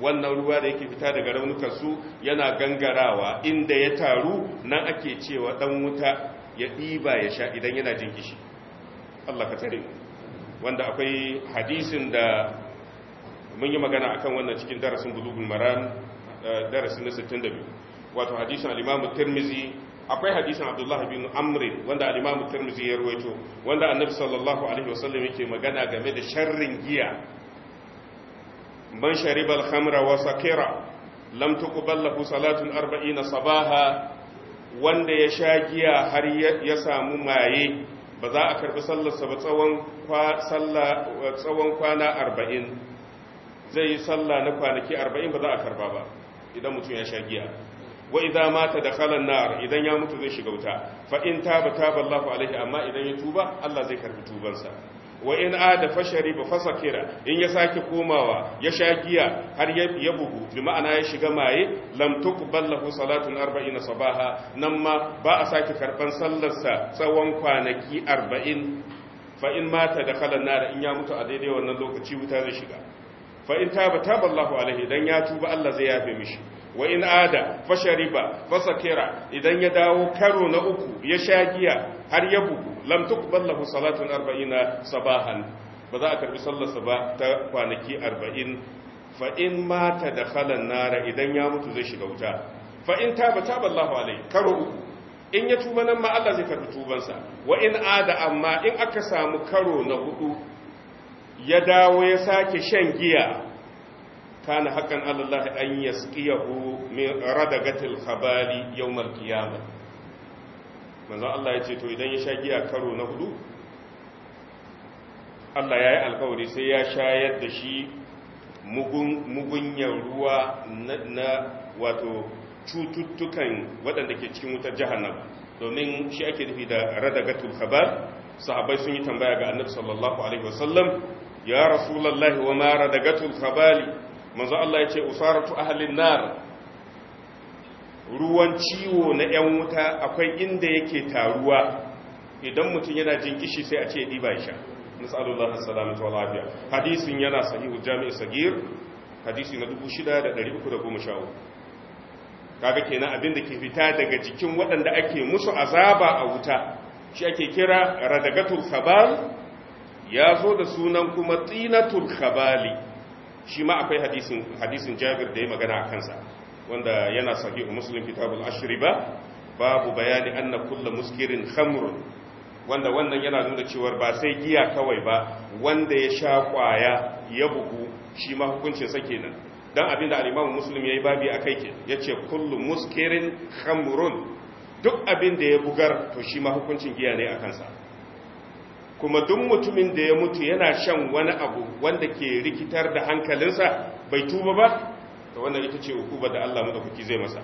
wannan ruwa da yake fita daga raunukan su yana gangarawa inda ya taru nan ake cewa dan wuta ya ɗiba ya sha idan yana jin kishi Allah ka tare wanda akwai hadisin da mun yi magana akan wannan cikin darasin bulugul maran eh, darasin na 62 wato hadisin al-Imam Tirmidhi akwai hadisin abdullah bin Amri wanda al-imam ya wanda annabi sallallahu alaihi wasallam yake magana game da sharrin giya man Sharibal al-khamra wa sakira lam tuqbal lahu salatun 40 sabaha wanda ya sha giya har ya samu maye ba za a karbi sallarsa ba tsawon kwana 40 zai yi sallah na kwanaki 40 ba za a karba ba idan mutum ya sha giya wa idza mata dakhala an-nar idan ya mutu zai shiga wuta fa in taba taba Allahu alaihi amma idan ya tuba Allah zai karbi tubansa wa in ada fashari ba fasakira in ya sake komawa ya sha giya har ya bugu bi ma'ana ya shiga maye lam tuqbal lahu salatun arba'ina sabaha nan ma ba a sake karban sallarsa tsawon kwanaki 40 fa in mata dakhala nar in ya mutu a daidai wannan lokaci wuta zai shiga fa in taba taba Allahu alaihi dan ya tuba Allah zai yafe mishi wa in ada fashariba fasakira idan ya dawo karo na uku ya sha giya har ya bugu lam tuqbal lahu salatun 40 sabahan ba za a karbi sallarsa ba ta kwanaki 40 fa in mata dakhala nara idan ya mutu zai shiga wuta fa in taba taba Allahu alai karo uku in ya tuba nan ma Allah zai karbi sa wa in ada amma in aka samu karo na hudu ya dawo ya sake shan giya kana hakan Allah an yasqiyahu min radagatil khabali yawmal qiyamah manzo Allah ya ce to idan ya sha giya karo na hudu Allah ya yi alkawari sai ya shayar da shi mugunyar ruwa na wato cututtukan waɗanda ke cikin wutar jahannama domin shi ake nufi da radagatul khabar sahabbai sun yi tambaya ga annabi sallallahu alaihi wasallam ya rasulullahi wa ma radagatul khabali manzo Allah ya ce usaratu ahlin nar ruwan ciwo na yan wuta akwai inda yake taruwa idan mutum yana jin kishi sai a ce diba sha nasallallahu wasallam wal lafiya hadisin yana sahihu jami'u sagir hadisi na 6313 kaga kenan abin da ke fita daga jikin waɗanda ake musu azaba a wuta shi ake kira radagatul khabal ya zo da sunan kuma tinatul khabali shi ma akwai hadisin hadisin Jabir da ya magana a kansa wanda yana sahihu Muslim kitabul ba babu bayani anna kullu muskirin khamr wanda wannan yana nuna cewa ba sai giya kawai ba wanda ya sha kwaya ya bugu shi ma hukuncin sa kenan dan abinda al-Imam Muslim yayi babi akai ke yace kullu muskirin khamrun duk abinda ya bugar to shi ma hukuncin giya ne a kansa kuma duk mutumin da ya mutu yana shan wani abu wanda ke rikitar da hankalinsa bai tuba ba to wannan ita ce hukuma da Allah madaukaki zai masa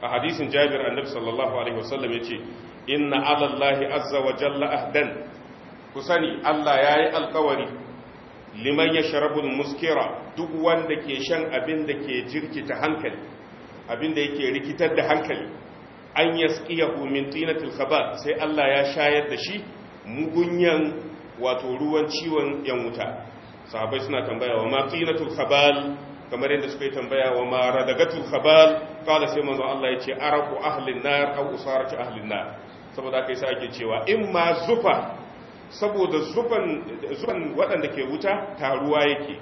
a hadisin Jabir annabi sallallahu alaihi wasallam yace inna ala Allahi azza wa jalla ahdan ku sani Allah yayi alƙawari liman yashrabu muskira duk wanda ke shan abin da ke jirkita hankali abin da yake rikitar da hankali an yasqiyahu min tinatil khabat sai Allah ya shayar da shi mugunyan wato ruwan ciwon yan wuta sahabai suna tambaya wa maqinatul khabal kamar yadda suka yi tambaya wa ma radagatul khabal kala sai manzo Allah ya ce araku ahlin nar aw usaratu ahlin nar saboda kai sai ake cewa in ma zufa saboda zufan zufan waɗanda ke wuta taruwa yake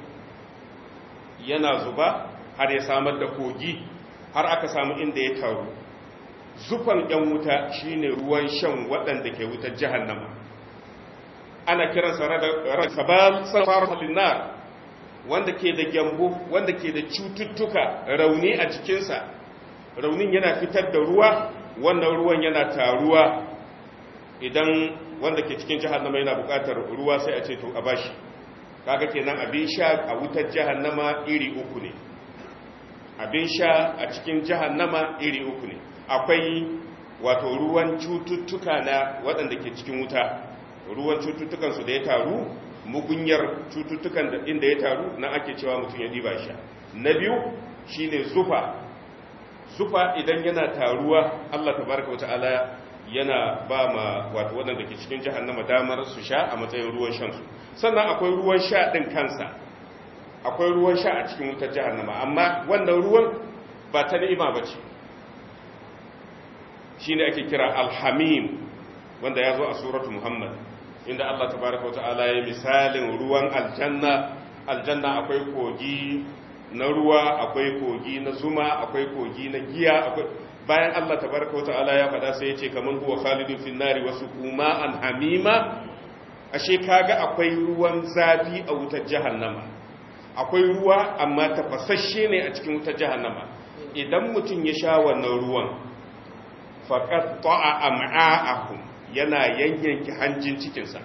yana zuba har ya samar da kogi har aka samu inda ya taru zufan yan wuta shine ruwan shan waɗanda ke wutar jahannama ana kiransa radar sabab safarun linnar wanda ke da gyambo wanda ke da cututtuka rauni a cikinsa, raunin yana fitar da ruwa wannan ruwan yana taruwa idan wanda ke cikin jahannama yana bukatar ruwa sai a ce to a bashi kaga kenan abin sha a wutar jahannama iri uku ne abin sha a cikin jahannama iri uku ne akwai wato ruwan cututtuka na waɗanda ke cikin wuta ruwan cututtukansu da ya taru mugunyar cututtukan inda ya taru na ake cewa mutum ya diba sha na biyu shi ne zufa zufa idan yana taruwa Allah ta wata ala yana ba ma wata waɗanda ke cikin jahannama damar su sha a matsayin ruwan shansu. su sannan akwai ruwan sha ɗin kansa akwai ruwan sha a cikin wutar jahannama amma wannan ruwan ba ta ni'ima bace ne ake kira alhamim wanda ya zo a suratu muhammad inda Allah ta baraka wa ta'ala ya misalin ruwan aljanna aljanna akwai kogi na ruwa akwai kogi na zuma akwai kogi na giya bayan Allah ta baraka wa ta'ala ya faɗa sai ya ce kaman huwa khalidun fin nari wasu kuma an hamima ashe kaga akwai ruwan zafi a wutar jahannama akwai ruwa amma tafasasshe ne a cikin wutar jahannama idan mutum ya sha wannan ruwan faqat ta'a am'a'ahum yana yanyanki hanjin cikinsa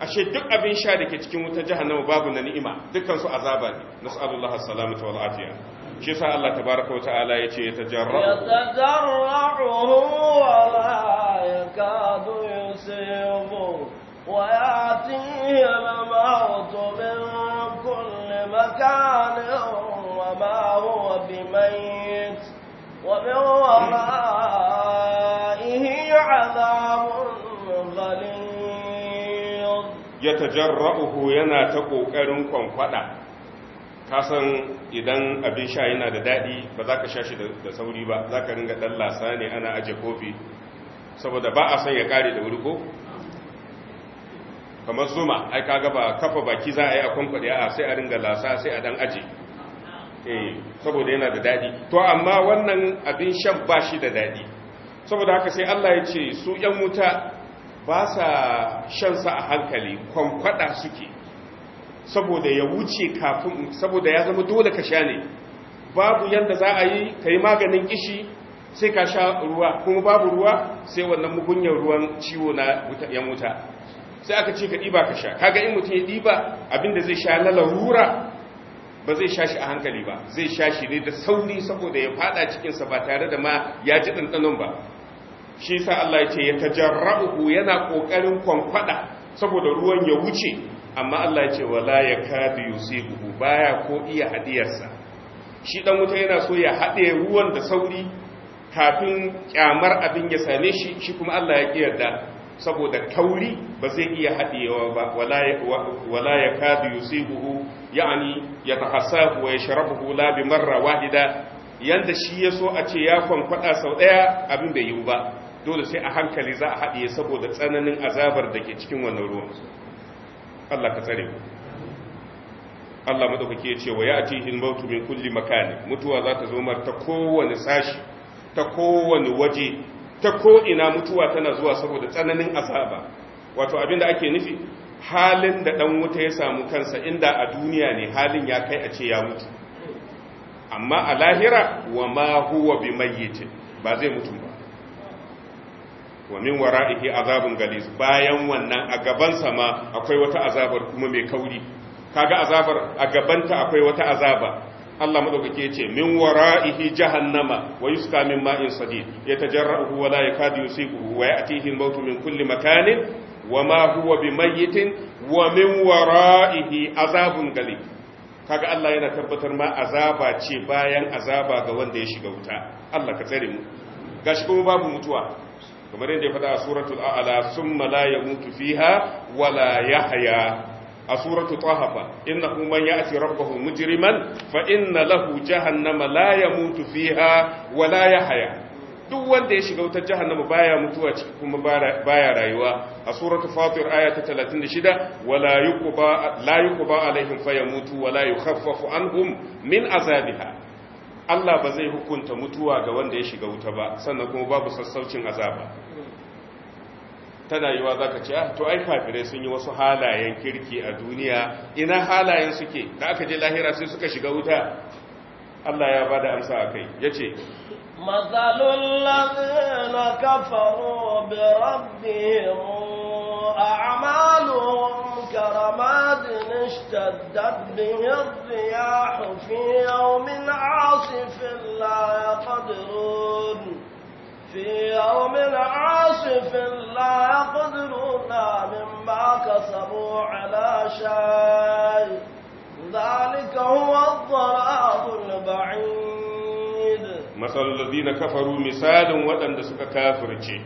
ashe duk abin sha da ke cikin wutar jahannama babu na ni'ima dukansu azaba ne nas'alullah ta wal afiya shi yasa Allah tabaraka wa ta'ala yace ya tajarra ya
tajarruhu wa la yakadu yusibu wa ya'tihi al-maut min kulli makanin wa ma huwa bimayt wa min
Ya غليظ yana ta kokarin kwankwada kasan idan abin sha yana da daɗi ba za ka sha shi da sauri ba za ka ringa ɗan lasa ne ana aje kofi saboda ba a son ya ƙare da wuri ko kamar zuma ai kaga ba kafa baki za a yi a kwankwaɗe a sai a ringa lasa sai a ɗan aje saboda yana da daɗi to amma wannan abin shan ba shi da daɗi saboda haka sai Allah ya ce su ‘yan wuta ba sa shansa a hankali kwankwada suke saboda ya wuce kafin saboda ya zama dole ka sha ne babu yadda za a yi ka yi maganin kishi sai ka sha ruwa kuma babu ruwa sai wannan mugunyar ruwan ciwo na ‘yan wuta sai aka ce ka ɗiba ka sha kaga in mutum ya ɗiba abin da zai sha na larura ba zai sha shi a hankali ba zai sha shi ne da sauri saboda ya fada cikinsa ba tare da ma ya ji ɗanɗanon ba shi sa Allah ya ce ya tajarrabu yana kokarin kwankwada saboda ruwan ya wuce amma Allah ya ce wala yakadu yusibuhu baya ko iya hadiyarsa shi dan wuta yana so ya hade ruwan da sauri kafin kyamar abin ya same shi shi kuma Allah ya kiyarda saboda kauri ba zai iya hadewa ba wala yakadu yusibuhu yani yatahassahu wa yashrabuhu la bi marra wahida yanda shi ya so a ce ya kwankwada sau ɗaya abin bai yi ba dole sai a hankali za a haɗiye saboda tsananin azabar da ke cikin wannan ruwan Allah ka tsare ku Allah madaukake ya ce wa ya'tihi al-mautu min kulli makani mutuwa za ta zo mar ta kowane sashi ta kowane waje ta ko ina mutuwa tana zuwa saboda tsananin azaba wato abin da ake nufi halin da dan wuta ya samu kansa inda a duniya ne halin ya kai a ce ya mutu amma a lahira wa ma huwa bimayyitin ba zai mutu ba wa min wara'ihi azabun galiz bayan wannan a gabansa ma akwai wata azabar kuma mai kauri kaga azabar a gabanta akwai wata azaba Allah madaukake yace min wara'ihi jahannama wa yuska min ma'in sadid yatajarra'uhu wa la yakadu yusiquhu wa ya'tihi al-mautu min kulli makanin wa ma huwa bimayyitin wa min wara'ihi azabun galiz kaga Allah yana tabbatar ma azaba ce bayan azaba ga wanda ya shiga wuta Allah ka tsare mu gashi kuma babu mutuwa kamar yadda ya faɗa a suratul a'la summa la mutu fiha wala ya haya a suratu taha fa innahu man ya'ti rabbahu mujiriman fa inna lahu jahannama la ya mutu fiha wala ya haya duk wanda ya shiga wutar jahannama baya mutuwa ciki kuma baya rayuwa a suratu fatir aya ta 36 wala yuqba la fa ya mutu wala yukhaffafu anhum min azabiha Allah ba zai hukunta mutuwa ga wanda ya shiga wuta ba sannan kuma babu sassaucin azaba tana yiwa za ka ce ah, to ai kafirai sun yi wasu halayen kirki a duniya ina halayen suke da aka je lahira sai suka shiga wuta Allah ya bada amsa a kai ya ce
mazalun kafaru bi rabbihim أعمالهم كرماد اشتدت به الرياح في يوم عاصف لا يقدرون في يوم عاصف لا يقدرون مما كسبوا على شيء ذلك هو الضراب البعيد
مثل الذين كفروا مثال ودن سك كافرتي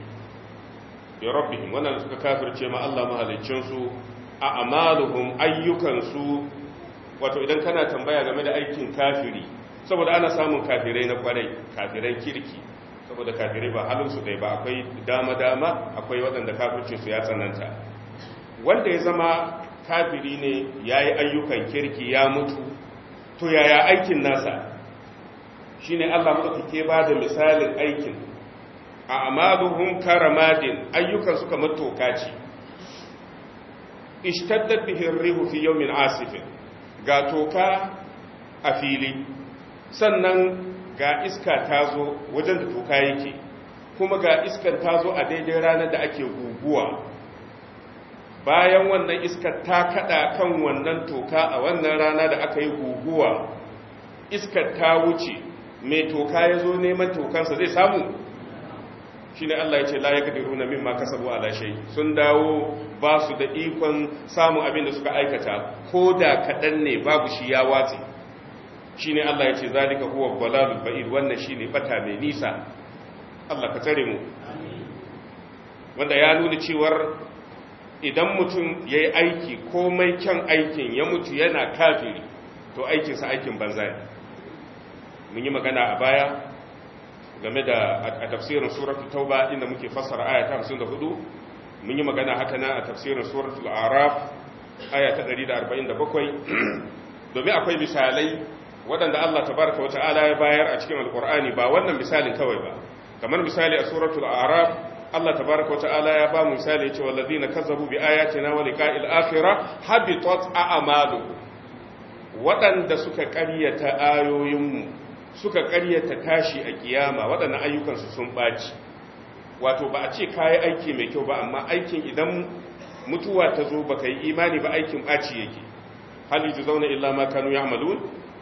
bi rabbihim wannan suka kafirce ma Allah mahalicin su a amaluhum ayyukan su wato idan kana tambaya game da aikin kafiri saboda ana samun kafirai na kwarai kafirai kirki saboda kafirai ba halin su dai ba akwai dama dama akwai waɗanda kafirce su ya tsananta wanda ya zama kafiri ne yayi ayyukan kirki ya mutu to yaya aikin nasa shine Allah maka ke ba da misalin aikin a'maluhum karamadin ayyukan su kamar toka ce ishtaddat bihi rihu fi yawmin asifin ga toka a fili sannan ga iska tazo wajen da toka yake kuma ga iskar tazo a daidai ranar da ake guguwa bayan wannan iskar ta kada kan wannan toka a wannan rana da aka yi guguwa iskar ta wuce mai toka ya zo neman tokansa zai samu ne Allah ya ce la min ma kasabu ala shay sun dawo ba su da ikon samun abin da suka aikata ko da kaɗan ne babu shi ya watsi ne Allah ya ce zalika huwa balal ba'id wannan shi ne bata mai nisa Allah ka tare mu wanda ya nuna cewar idan mutum yayi aiki komai kyan aikin ya mutu yana kafiri to aikinsa aikin banza ne mun yi magana a baya game da a tafsirin suratul tauba inda muke fassara aya ta 54 mun yi magana haka na a tafsirin suratul araf aya ta 147 domin akwai misalai waɗanda Allah tabaraka wata'ala ya bayar a cikin alkur'ani ba wannan misalin kawai ba kamar misali a suratul araf Allah tabaraka wata'ala ya ba misali misali cewa ladina kazzabu bi ayatina wa liqa'il akhirah habitat a'maluhum waɗanda suka ƙaryata ayoyinmu suka ta tashi a kiyama waɗannan ayyukansu sun ɓaci wato ba a ce kayi aiki mai kyau ba amma aikin idan mutuwa ta zo baka yi imani ba aikin ɓaci yake hal zauna illa ma kanu amalu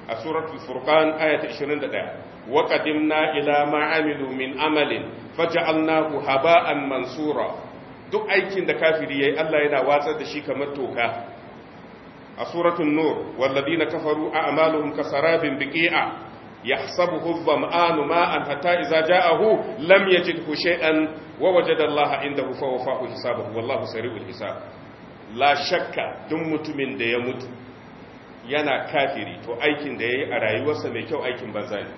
a surat furqan ayata 21 wa qadimna ila ma amilu min amalin faj'alnahu haba'an mansura duk aikin da kafiri yayi Allah yana watsar da shi kamar toka a suratul nur wal na kafaru a'maluhum kasarabin biqi'a يحسبه الظمآن ماء حتى إذا جاءه لم يجده شيئا ووجد الله عنده فوفاه حسابه والله سريع الحساب La shakka duk mutumin da ya mutu yana kafiri to aikin da yayi a rayuwarsa mai kyau aikin banza ne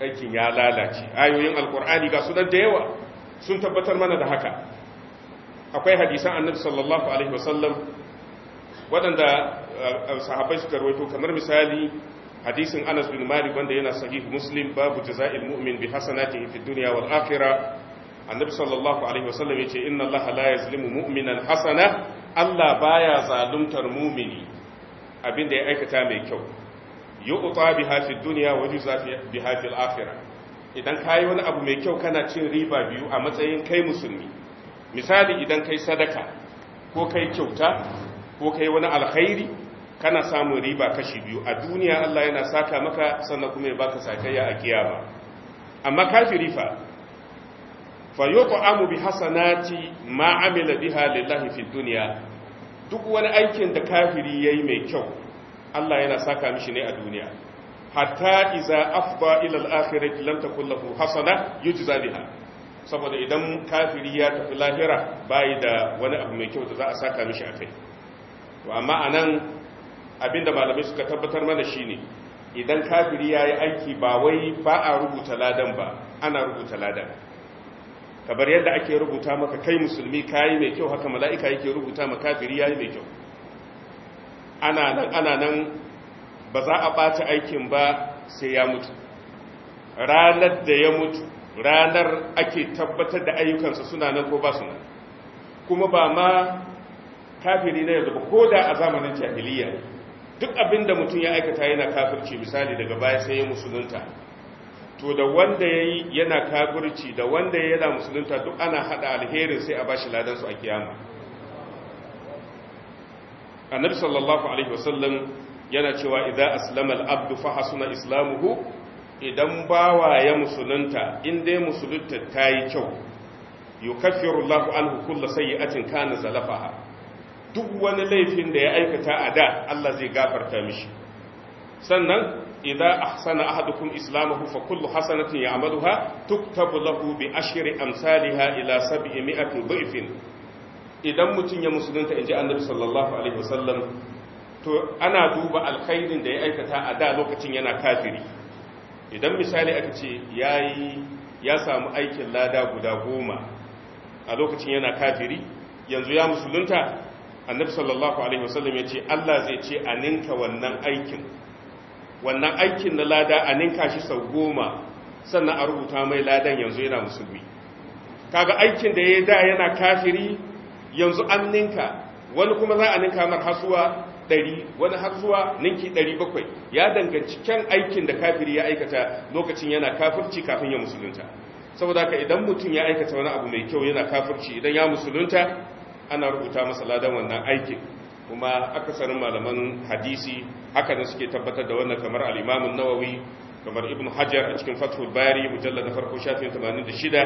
aikin ya lalace ayoyin alqur'ani ga su da yawa sun tabbatar mana da haka akwai hadisan annabi sallallahu alaihi wasallam waɗanda eh, sahabbai suka rawaito kamar misali hadisin Anas bin Malik wanda yana sahih Muslim babu jaza'il mu'min bi hasanatihi fid dunya wal akhirah annabi sallallahu alaihi wasallam yace inna allaha la yazlimu mu'minan hasana Allah baya zaluntar mu'mini abinda ya aikata mai kyau yuqta biha fid dunya wa yuzza biha fil akhirah idan kai wani abu mai kyau kana cin riba biyu a matsayin kai musulmi misali idan kai sadaka ko kai kyauta ko kai wani alkhairi kana samun riba kashi biyu a duniya Allah yana saka maka sannan kuma ya baka sakayya a kiyama amma kafiri fa fa yuqamu bi hasanati ma amila biha lillahi fi dunya duk wani aikin da kafiri yayi mai kyau Allah yana saka mishi ne a duniya hatta iza afda ila al-akhirati lam takul lahu hasana yujza biha saboda idan kafiri ya tafi lahira bai da wani abu mai kyau da za a saka mishi kai to amma anan abinda malamai suka tabbatar mana shi ne idan kafiri ya yi aiki ba wai ba a rubuta ladan ba ana rubuta ladan kabar yadda ake rubuta maka kai musulmi yi mai kyau haka mala'ika yake rubuta ma kafiri yayi mai kyau ana nan ana nan ba za a ɓata aikin ba sai ya mutu ranar da ya mutu ranar ake tabbatar da ayyukansa suna nan ko ba su kuma ba ma kafiri na yanzu ba ko da a zamanin jahiliya duk abin da mutum ya aikata yana kafirci misali daga baya sai ya musulunta to da wanda ya yana kafirci da wanda ya yana musulunta duk ana haɗa alherin sai a bashi ladansu a kiyama annabi sallallahu alaihi wasallam yana cewa idan aslama al-abdu fa hasuna islamuhu idan bawa ya musulunta in dai musulunta tayi kyau yukaffiru Allahu anhu kullu sayyi'atin kana zalafaha duk wani laifin da ya aikata a da Allah zai gafarta mishi sannan idza ahsana ahadukum islamahu fa kullu hasanatin ya'maluha tuktabu lahu bi ashri amsalha ila 700 dhifin idan mutun ya musulunta inji annabi sallallahu alaihi wasallam to ana duba alkhairin da ya aikata a da lokacin yana kafiri idan misali aka ce yayi ya samu aikin lada guda goma a lokacin yana kafiri yanzu ya musulunta annabi sallallahu alaihi wasallam ya ce Allah zai ce a ninka wannan aikin wannan aikin na lada a ninka shi sau goma sannan a rubuta mai ladan yanzu yana musulmi kaga aikin da ya da yana kafiri yanzu an ninka wani kuma za a ninka mar hasuwa ɗari wani hasuwa ninki ɗari bakwai ya danganci kyan aikin da kafiri ya aikata lokacin yana kafirci kafin ya musulunta saboda ka idan mutum ya aikata wani abu mai kyau yana kafirci idan ya musulunta ana rubuta masa ladan wannan aikin kuma akasarin malaman hadisi haka ne suke tabbatar da wannan kamar al-Imam nawawi kamar Ibn Hajar a cikin Fathul Bari mujallad na farko shafin 86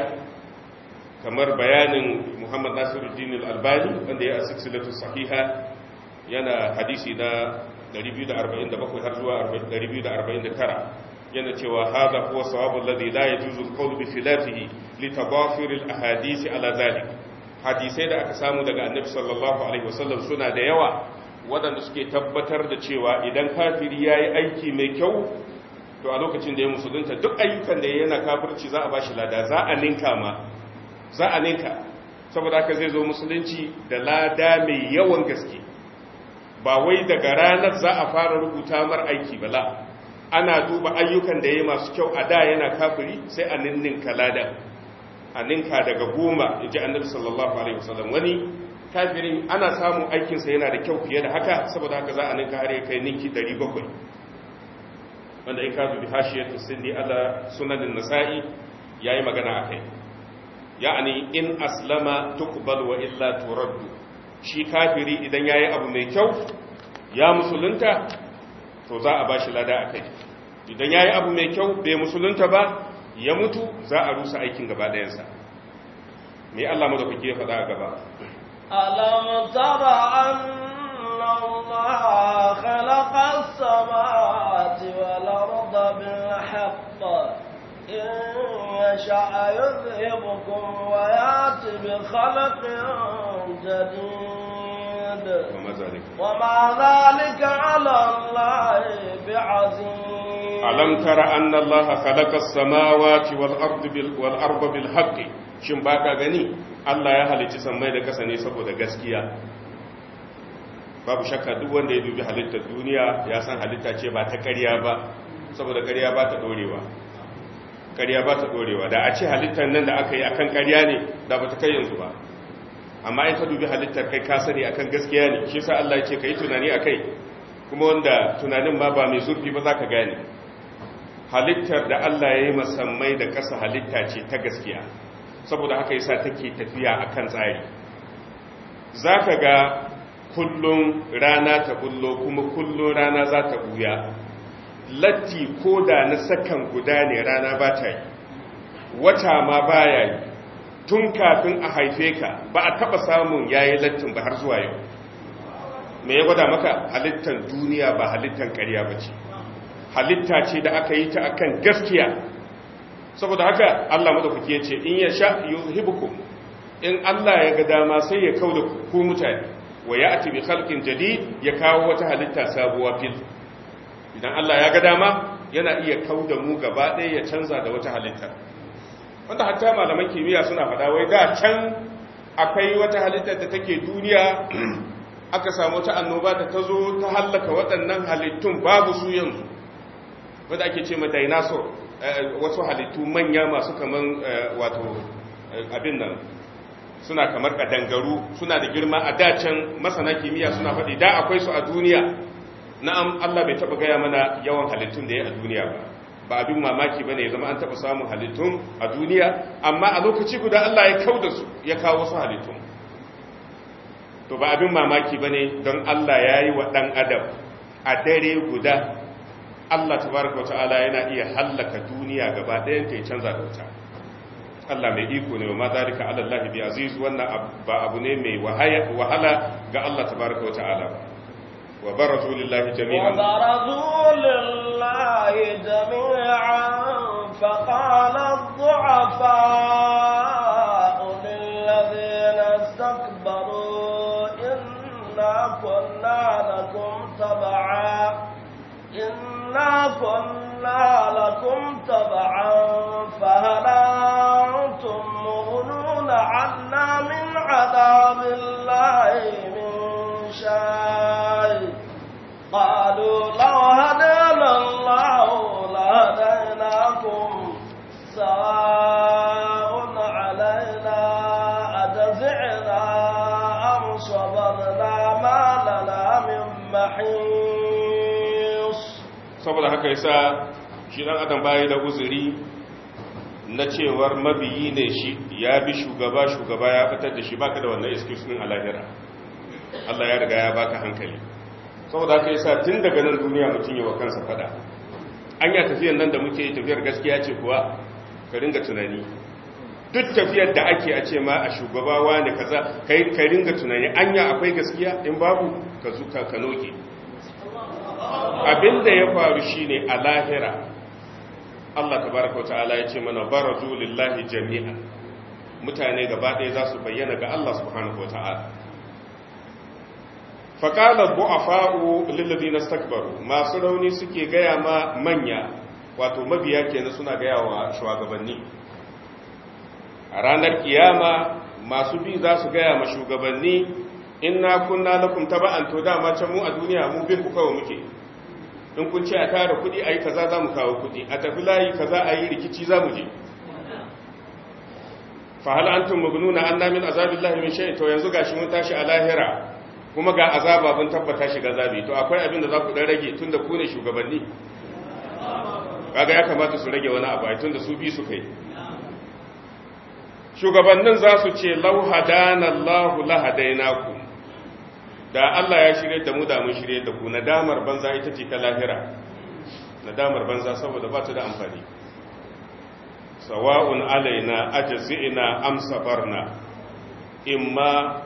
kamar bayanin Muhammad Nasiruddin al-Albani wanda ya asilsilatu sahiha yana hadisi na 247 har zuwa 249 yana cewa hadha huwa sawabul ladhi la yajuzu al-qawlu bi khilafihi li tadafir al-ahadith ala dhalik hadisai da aka samu daga annabi sallallahu alaihi wasallam suna da yawa waɗanda suke tabbatar da cewa idan kafiri ya yi aiki mai kyau to a lokacin da ya musulunta duk ayyukan da yana kafirci za a ba lada za a ninka ma za a ninka saboda haka zai zo musulunci da lada mai yawan gaske ba wai daga ranar za a fara rubuta mar aiki bala ana duba ayyukan da ya masu kyau a da yana kafiri sai a ninninka lada a ninka daga goma in ji annabi sallallahu alaihi wasallam wani kafirin ana samun aikinsa yana da kyau fiye da haka saboda haka za a ninka har ya kai ninki 700 wanda in ka dubi hashiyar tasiri ala sunanin nasa'i ya yi magana a kai ya'ani in aslama tuqbal wa illa turaddu shi kafiri idan ya yi abu mai kyau ya musulunta to za a ba shi lada a kai idan ya yi abu mai kyau bai musulunta ba ya mutu za a rusa aikin gaba ɗayansa me Allah mu da kuke faɗa a gaba
alam tara anna Allah khalaqa as-samawati wal arda bil haqq إن يشاء يذهبكم ويأتي بخلق جديد وما ذلك على الله بعزيز ألم
تر أن الله خلق السماوات والأرض, بال... والأرض بالحق شن باكا غني الله يا هل تسمي دك سني saboda gaskiya babu shakka duk wanda ya dubi halittar duniya ya san halitta ce ba ta karya ba saboda karya ba ta dorewa karya ba ta dorewa da a ce halittar nan da aka yi akan karya ne da ba ta kai yanzu ba amma in ka dubi halittar kai ka sani akan gaskiya ne shi sa Allah yake kai tunani akai kuma wanda tunanin ma ba mai zurfi ba zaka gane halittar da Allah ya yi masammai da kasa halitta ce ta gaskiya saboda haka yasa take tafiya akan tsari zaka ga kullun rana ta bullo kuma kullun rana za ta buya latti ko da na sakan guda ne rana ba ta yi wata ma baya yi tun kafin a haife ka ba a taba samun yayi lattin ba har zuwa yau me ya gwada maka halittar duniya ba halittar ƙarya ba ce halitta ce da aka yi ta akan gaskiya saboda haka Allah mu da kuke ce in ya sha yuhibukum in Allah ya ga dama sai ya kauda ku mutane wa ya'ti bi khalqin jadid ya kawo wata halitta sabuwa fil idan Allah ya ga dama yana iya kauda mu gaba ɗaya ya canza da wata halitta Wata hatta malaman kimiyya suna fada wai da can akwai wata halittar da take duniya aka samu wata annoba da ta zo ta hallaka waɗannan halittun babu su yanzu wanda ake ce ma dinosaur eh, wasu halittu manya masu kaman eh, wato eh, abin nan suna kamar kadangaru suna da girma a can masana kimiyya suna faɗi da akwai su a duniya na'am Allah bai taɓa gaya mana yawan halittun da ya a duniya ba ba abin mamaki bane ya zama an taɓa samun halittun a duniya amma a lokaci guda Allah ya kau da su ya kawo su halittun to ba abin mamaki bane don Allah ya yi wa ɗan adam a dare guda Allah tabaraka ala yana iya hallaka duniya gaba ɗayan ta yi canza da wuta Allah mai iko ne wa ma zalika Allah Allah bi aziz wannan ba abu ne mai wahala ga Allah tabaraka ala ba وبرزوا لله جميعا
وبرزوا لله جميعا فقال الضعفاء للذين استكبروا إنا كنا لكم تبعا إنا كنا لكم تبعا فهلا أنتم مغنون عنا من عذاب الله من شاء قالوا لو هدانا الله لهديناكم سواء علينا أجزعنا أم صبرنا ما
saboda haka yasa shi dan adam bai da uzuri na cewar mabiyi ne shi ya bi shugaba shugaba ya fitar da shi baka da wannan excuse din Allah ya riga ya baka hankali saboda haka yasa tun daga nan duniya mutum yi wa kansa fada an ya tafiyar nan da muke tafiyar gaskiya ce kuwa ka ringa tunani duk tafiyar da ake a ce ma a shugabawa ne kaza kai ka ringa tunani anya akwai gaskiya in babu ka zuka ka noke
abinda ya faru shine
a lahira Allah tabaraka ta'ala ya ce mana barazu lillahi jami'a mutane gaba ɗaya za su bayyana ga Allah subhanahu wa faƙalar bu'afa'u lillazi na stakbar masu rauni suke gaya ma manya wato mabiya kenan suna gaya wa shugabanni ranar kiyama masu bi za su gaya ma shugabanni In na kunna lakum taba'an to dama can mu a duniya mu bin ku kawai muke in kun ce a tara kuɗi ayi kaza za mu kawo kuɗi a tafi layi kaza ayi rikici za mu je fa hal antum magnuna anna min azabillahi min shay'in to yanzu gashi mun tashi a lahira kuma ga azaba bin tabbata shiga zabi to akwai abin da za ku dan rage tunda ku ne shugabanni kaga ya kamata su rage wani abu da su bi su kai shugabannin za su ce lau hadana lahadainaku da Allah ya shirye da mu da mun shirye da ku nadamar banza ita ce ta lahira nadamar banza saboda ba ta da amfani sawa'un alaina ajzi'na am sabarna imma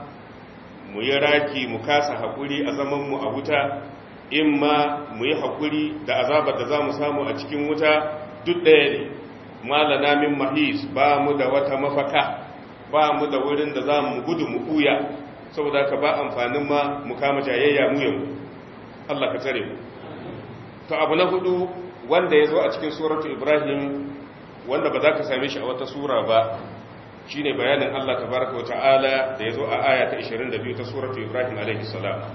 mu yi raki mu kasa hakuri a mu a wuta in ma mu yi haƙuri da azabar da za mu samu a cikin wuta duk ɗaya ne malana min mahis ba mu da wata mafaka ba mu da wurin da za mu gudu mu ɓuya saboda ka ba amfanin ma mu kama jayayya mu yau Allah ka tare mu to abu na hudu wanda ya zo a cikin suratu ibrahim wanda ba za ka same shi a wata sura ba ne bayanin Allah tabaraka wa ta'ala da zo a aya ta 22 ta suratu Ibrahim alaihi salam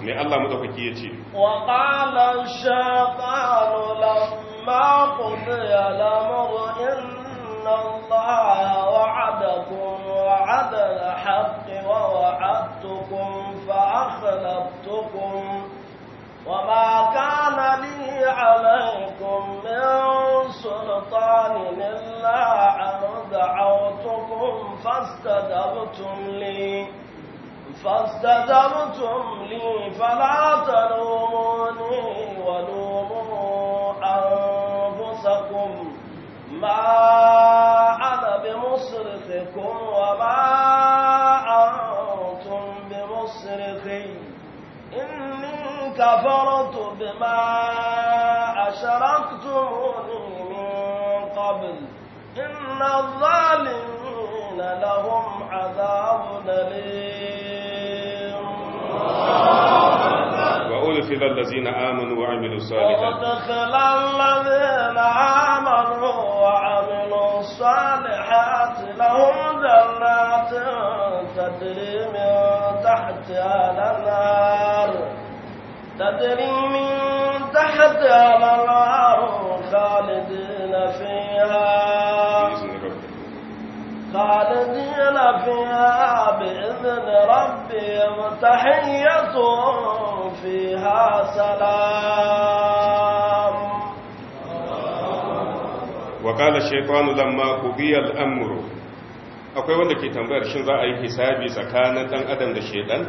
ne Allah madaukaki yace
wa qala shaytanu lamma qudiya al-amru inna Allah wa'adakum wa'ada da haqqi wa wa'adtukum fa akhlaftukum وما كان لي عليكم من سلطان إلا أن دعوتكم فاستجبتم لي فاستجبتم لي فلا تلوموني ولوموا أنفسكم ما أنا بمصرخكم وما أنتم بمصرخي إني كفرت بما أشركتموني من قبل إن الظالمين لهم عذاب أليم
وأدخل الذين آمنوا وعملوا الصالحات
وأدخل الذين آمنوا وعملوا الصالحات لهم جنات تدري من تحتها النار تدري من تحتها النار خالدين فيها خالدين فيها بإذن ربهم تحيتهم فيها سلام
وقال الشيطان لما قضي الأمر akwai wanda ke tambayar shin za a yi hisabi tsakanin ɗan adam da shedan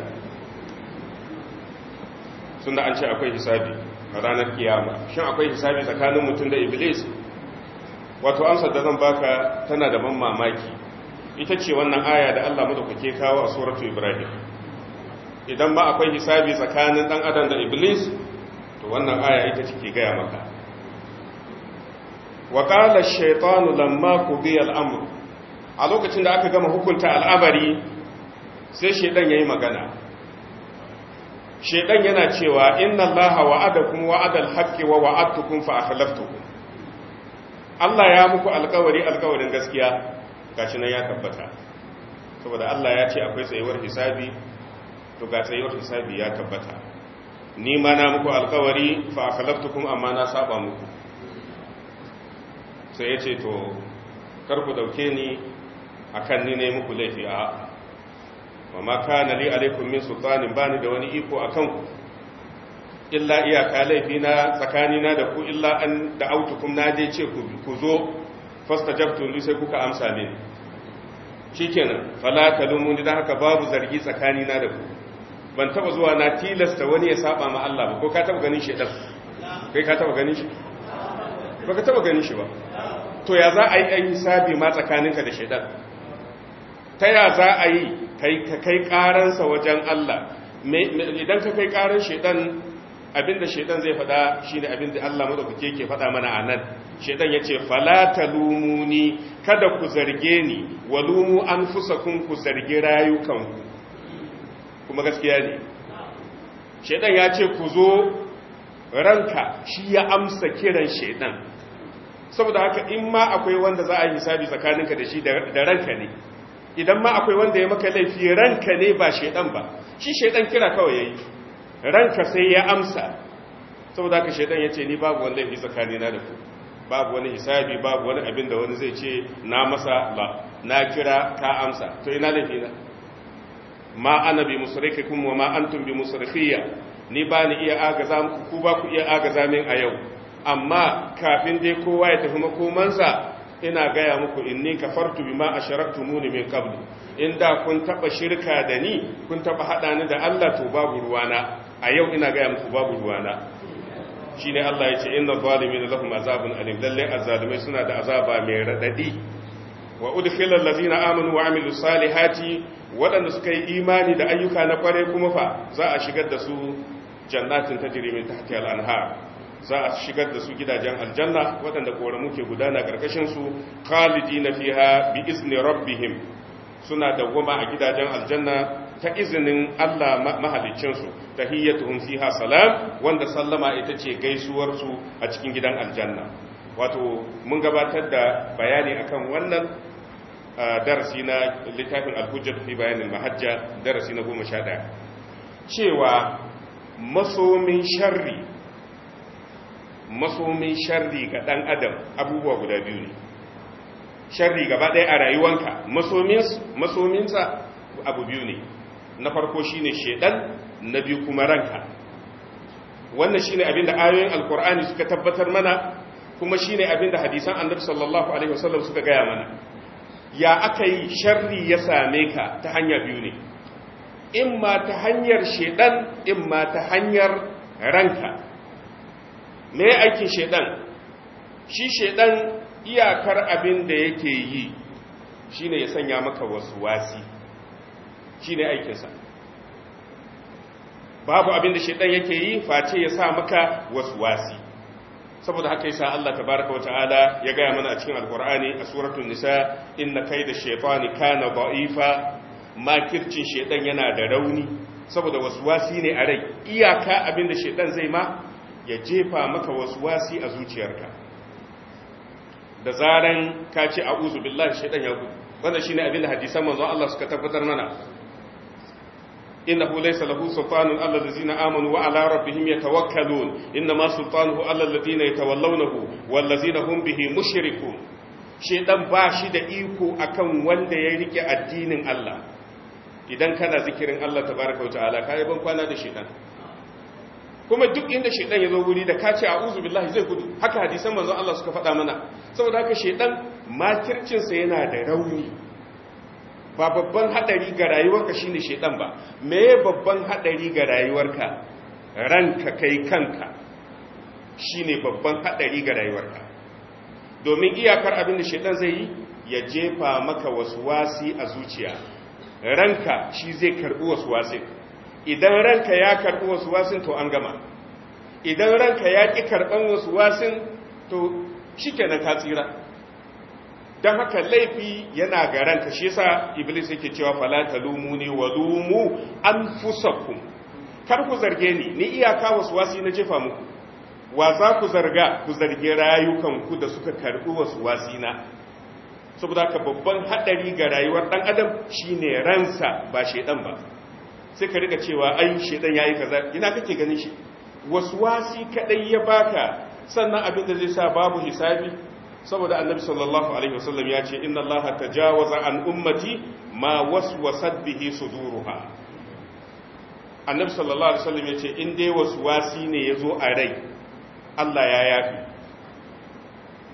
sun da an ce akwai hisabi a ranar kiyama shin akwai hisabi tsakanin mutum da iblis wato amsar da zan baka tana da ban mamaki ita ce wannan aya da Allah madaukake kawo a suratu Ibrahim idan ba akwai hisabi tsakanin dan adam da iblis to wannan aya ita ce ke gaya maka wa qala ash-shaytanu lamma qudiya al-amr a lokacin da aka gama hukunta al'abari sai shedan yayi magana shedan yana cewa inna allaha wa'adakum wa'adar haqqi wa wa'adtukum fa akhlaftukum Allah ya muku alkawari alkawarin gaskiya gashi nan ya tabbata saboda Allah ya ce akwai tsayuwar hisabi to ga tsayuwar hisabi ya tabbata ni ma na muku alkawari fa akhlaftukum amma na saba muku sai ya ce to kar ku dauke ni akan ni ne muku laifi a wa ma kana li alaikum min sultanin bani da wani iko akan ku illa iyaka laifi na tsakanina da ku illa an da'autukum na je ce ku zo fastajabtu ni sai kuka amsa shi kenan fala talumuni dan haka babu zargi tsakani na da ku ban taba zuwa na tilasta wani ya saba ma Allah ba ko ka taba ganin shi dan kai ka taba ganin shi Ba ka taba ganin shi ba to ya za a yi ɗan hisabi ma tsakaninka da shaidan ta ya za a yi ka kai karansa wajen Allah idan ka kai ƙaran shaidan abinda shaitan zai faɗa shine abinda Allah madaukake ke faɗa mana a nan shaitan yace fala talumuni kada ku zarge ni walumu anfusakum ku zargi rayukanku kuma gaskiya ne shaitan ya ce ku zo ranka shi ya amsa kiran shaitan saboda haka in ma akwai wanda za a yi hisabi tsakaninka da shi da ranka ne idan ma akwai wanda ya maka laifi ranka ne ba shaitan ba shi shaitan kira kawai yayi ranka sai ya amsa saboda ka shaidan ya ce ni babu wani laifi tsakanina da ku babu wani hisabi babu wani abin da wani zai ce na masa ba na kira ka amsa to ina laifina ma ana bi musrikikum wa ma antum bi musrikhiya ni ba ni iya agaza muku ku ba ku iya agaza min a yau amma kafin dai kowa ya tafi makomansa ina gaya muku inni kafartu bima muni min qablu in da kun taba shirka da ni kun taba haɗa ni da Allah to babu ruwana a yau ina gaya muku babu ruwana shi ne Allah ya ce inna zalimin lahum azabun alim lalle azzalimai suna da azaba mai raɗaɗi wa udkhila allazina amanu wa amilus salihati waɗanda suka yi imani da ayyuka na kwarai kuma fa za a shigar da su jannatin ta min tahtiha al-anhar za a shigar da su gidajen aljanna waɗanda koramu ke gudana karkashin su khalidina fiha bi izni rabbihim suna dawwama a gidajen aljanna ta izinin Allah mahalicinsu tahiyyatuhum fiha salam wanda sallama ita ce gaisuwarsu a cikin gidan aljanna wato mun gabatar da bayani akan wannan darasi na littafin alhujjat fi bayanin mahajja darasi na goma sha ɗaya cewa masomin sharri masomin sharri ga ɗan adam abubuwa guda biyu ne sharri gaba ɗaya a rayuwanka masominsa abu biyu ne na farko shine shedan na biyu kuma ranka wannan shine abin da ayoyin alkur'ani suka tabbatar mana kuma shine abin da hadisan annabi sallallahu alaihi wasallam suka gaya mana ya aka yi sharri ya same ka ta hanya biyu ne in ta hanyar shedan in ta hanyar ranka me aikin shedan shi shedan iyakar abin da yake yi shine ya sanya maka wasu wasi ne aikinsa babu abin da shaidan yake yi face ya sa maka wasi. saboda haka yasa Allah tabaraka wataala ya gaya mana a cikin alqur'ani a suratul nisa inna kayda shaytani kana da'ifa makircin shaidan yana da rauni saboda wasu wasi ne a rai iyaka abin da shaidan zai ma ya jefa maka wasu wasi a zuciyarka da zaran ka ce a'udhu billahi shaidan ya gudu wannan shine abin da hadisan manzon Allah suka tabbatar mana إنه ليس له سلطان على الذين آمنوا وعلى ربهم يتوكلون إنما سلطانه على الذين يتولونه والذين هم به مشركون shedan ba shi da iko akan wanda ya rike addinin Allah idan kana zikirin Allah tabaraka wataala kai ban kwana da shedan kuma duk inda shedan ya zo wuri da kace a'udhu billahi zai gudu haka hadisan manzon Allah suka faɗa mana saboda haka shedan makircin sa yana da rauni ba babban hadari ga rayuwarka shine shedan ba me babban hadari ga rayuwarka ranka kai kanka shine babban hadari ga rayuwarka domin iyakar abin da shedan zai yi ya jefa maka wasu wasi a zuciya ranka shi zai wasu wasin idan ranka ya wasu wasin to an gama idan ranka ya ki karban wasin to shikenan ka tsira don haka laifi yana ga ranka shi yasa iblis yake cewa fala talumuni wa lumu anfusakum kar ku zarge ni ni iyaka wasi na jefa muku wa za ku zarga ku zarge rayukanku da suka karbi wasi na saboda ka babban hadari ga rayuwar dan adam shine ransa ba shedan ba sai ka riga cewa ai shedan yayi kaza ina kake ganin shi Wasu wasi kadai ya baka sannan abin da zai sa babu hisabi saboda annabi sallallahu alaihi wasallam ya ce inna allaha tajawaza an ummati ma waswasat bihi suduruha annabi sallallahu alaihi wasallam ya ce in dai waswasi ne yazo a rai Allah ya yafi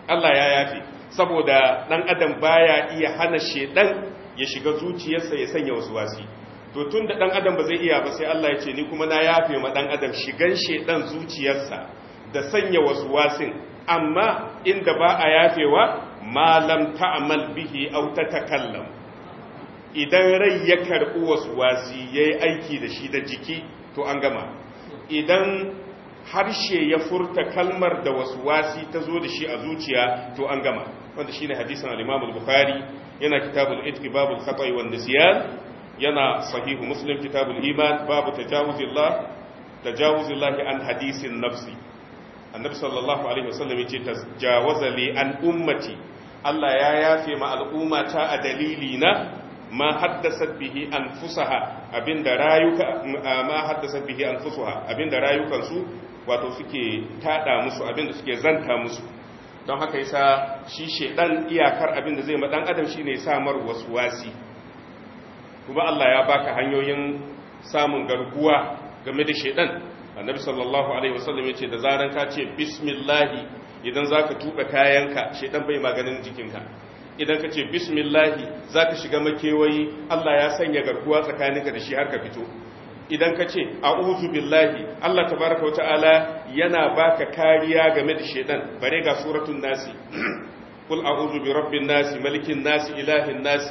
Allah ya yafi saboda dan adam baya iya hana shedan ya shiga zuciyarsa ya sanya waswasi to tunda da adam ba zai iya ba sai Allah ya ce ni kuma na yafe ma dan adam shigan shedan zuciyarsa da sanya wasu wasin amma inda ba a yafewa malam ta'amal bihi ta kallam idan rai ya karɓi wasu wasi ya yi aiki da shi da jiki to an gama idan harshe ya furta kalmar da wasu wasi ta zo da shi a zuciya to an gama wanda ne hadisan alimamul bukhari yana kitabul itqi babul khata'i wanda ziyar yana sahihu muslim kitabul iman babu tajawuzillah tajawuzillahi an hadisin nafsi annabi sallallahu alaihi wasallam yace tajawaza li an ummati Allah ya yafe ma al'umma ta a dalili na ma haddasa bihi anfusaha abinda rayuka ma haddasa bihi anfusuha abinda rayukan su wato suke tada musu abinda suke zanta musu don haka yasa shi shedan iyakar abinda zai ma dan adam shine ya samar wasu wasi. kuma Allah ya baka hanyoyin samun garkuwa game da shedan annabi sallallahu alaihi wasallam ya ce da zaran ka ce bismillahi idan za ka tuɓe kayanka shaidan bai maganin jikinka idan ka ce bismillahi zaka shiga makewayi allah ya sanya garkuwa tsakaninka da shi har ka fito idan ka ce a'udhu billahi allah tabaraka wa ta'ala yana baka kariya game da shaidan bare ga suratun nasi kul a'udhu bi rabbin nasi malikin nasi ilahin nasi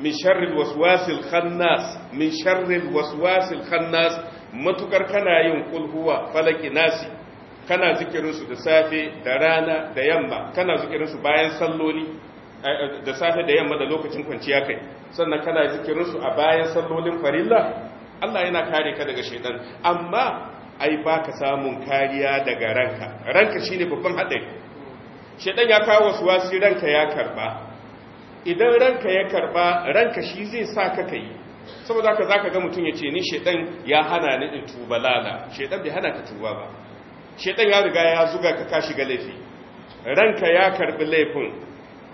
min sharri waswasil khannas min sharri waswasil khannas matukar kana yin kulhuwa falaki nasi kana zikirinsu da safe da rana da yamma kana zikirinsu bayan salloli eh, eh, da safe da yamma da lokacin kwanciya kai sannan kana zikirinsu a bayan sallolin farilla Allah yana kare ka daga shaitan amma ai baka samun kariya daga ranka ranka shine babban haɗari. shaitan ya kawo wasuwasi ranka ya karba idan ranka ya karba ranka shi zai sa ka kai saboda haka zaka ga mutum ya ce ni shedan ya hana ni in tuba lala shedan bai hana ka tuba ba shedan ya riga ya zuga ka ka shiga laifi ranka ya karbi laifin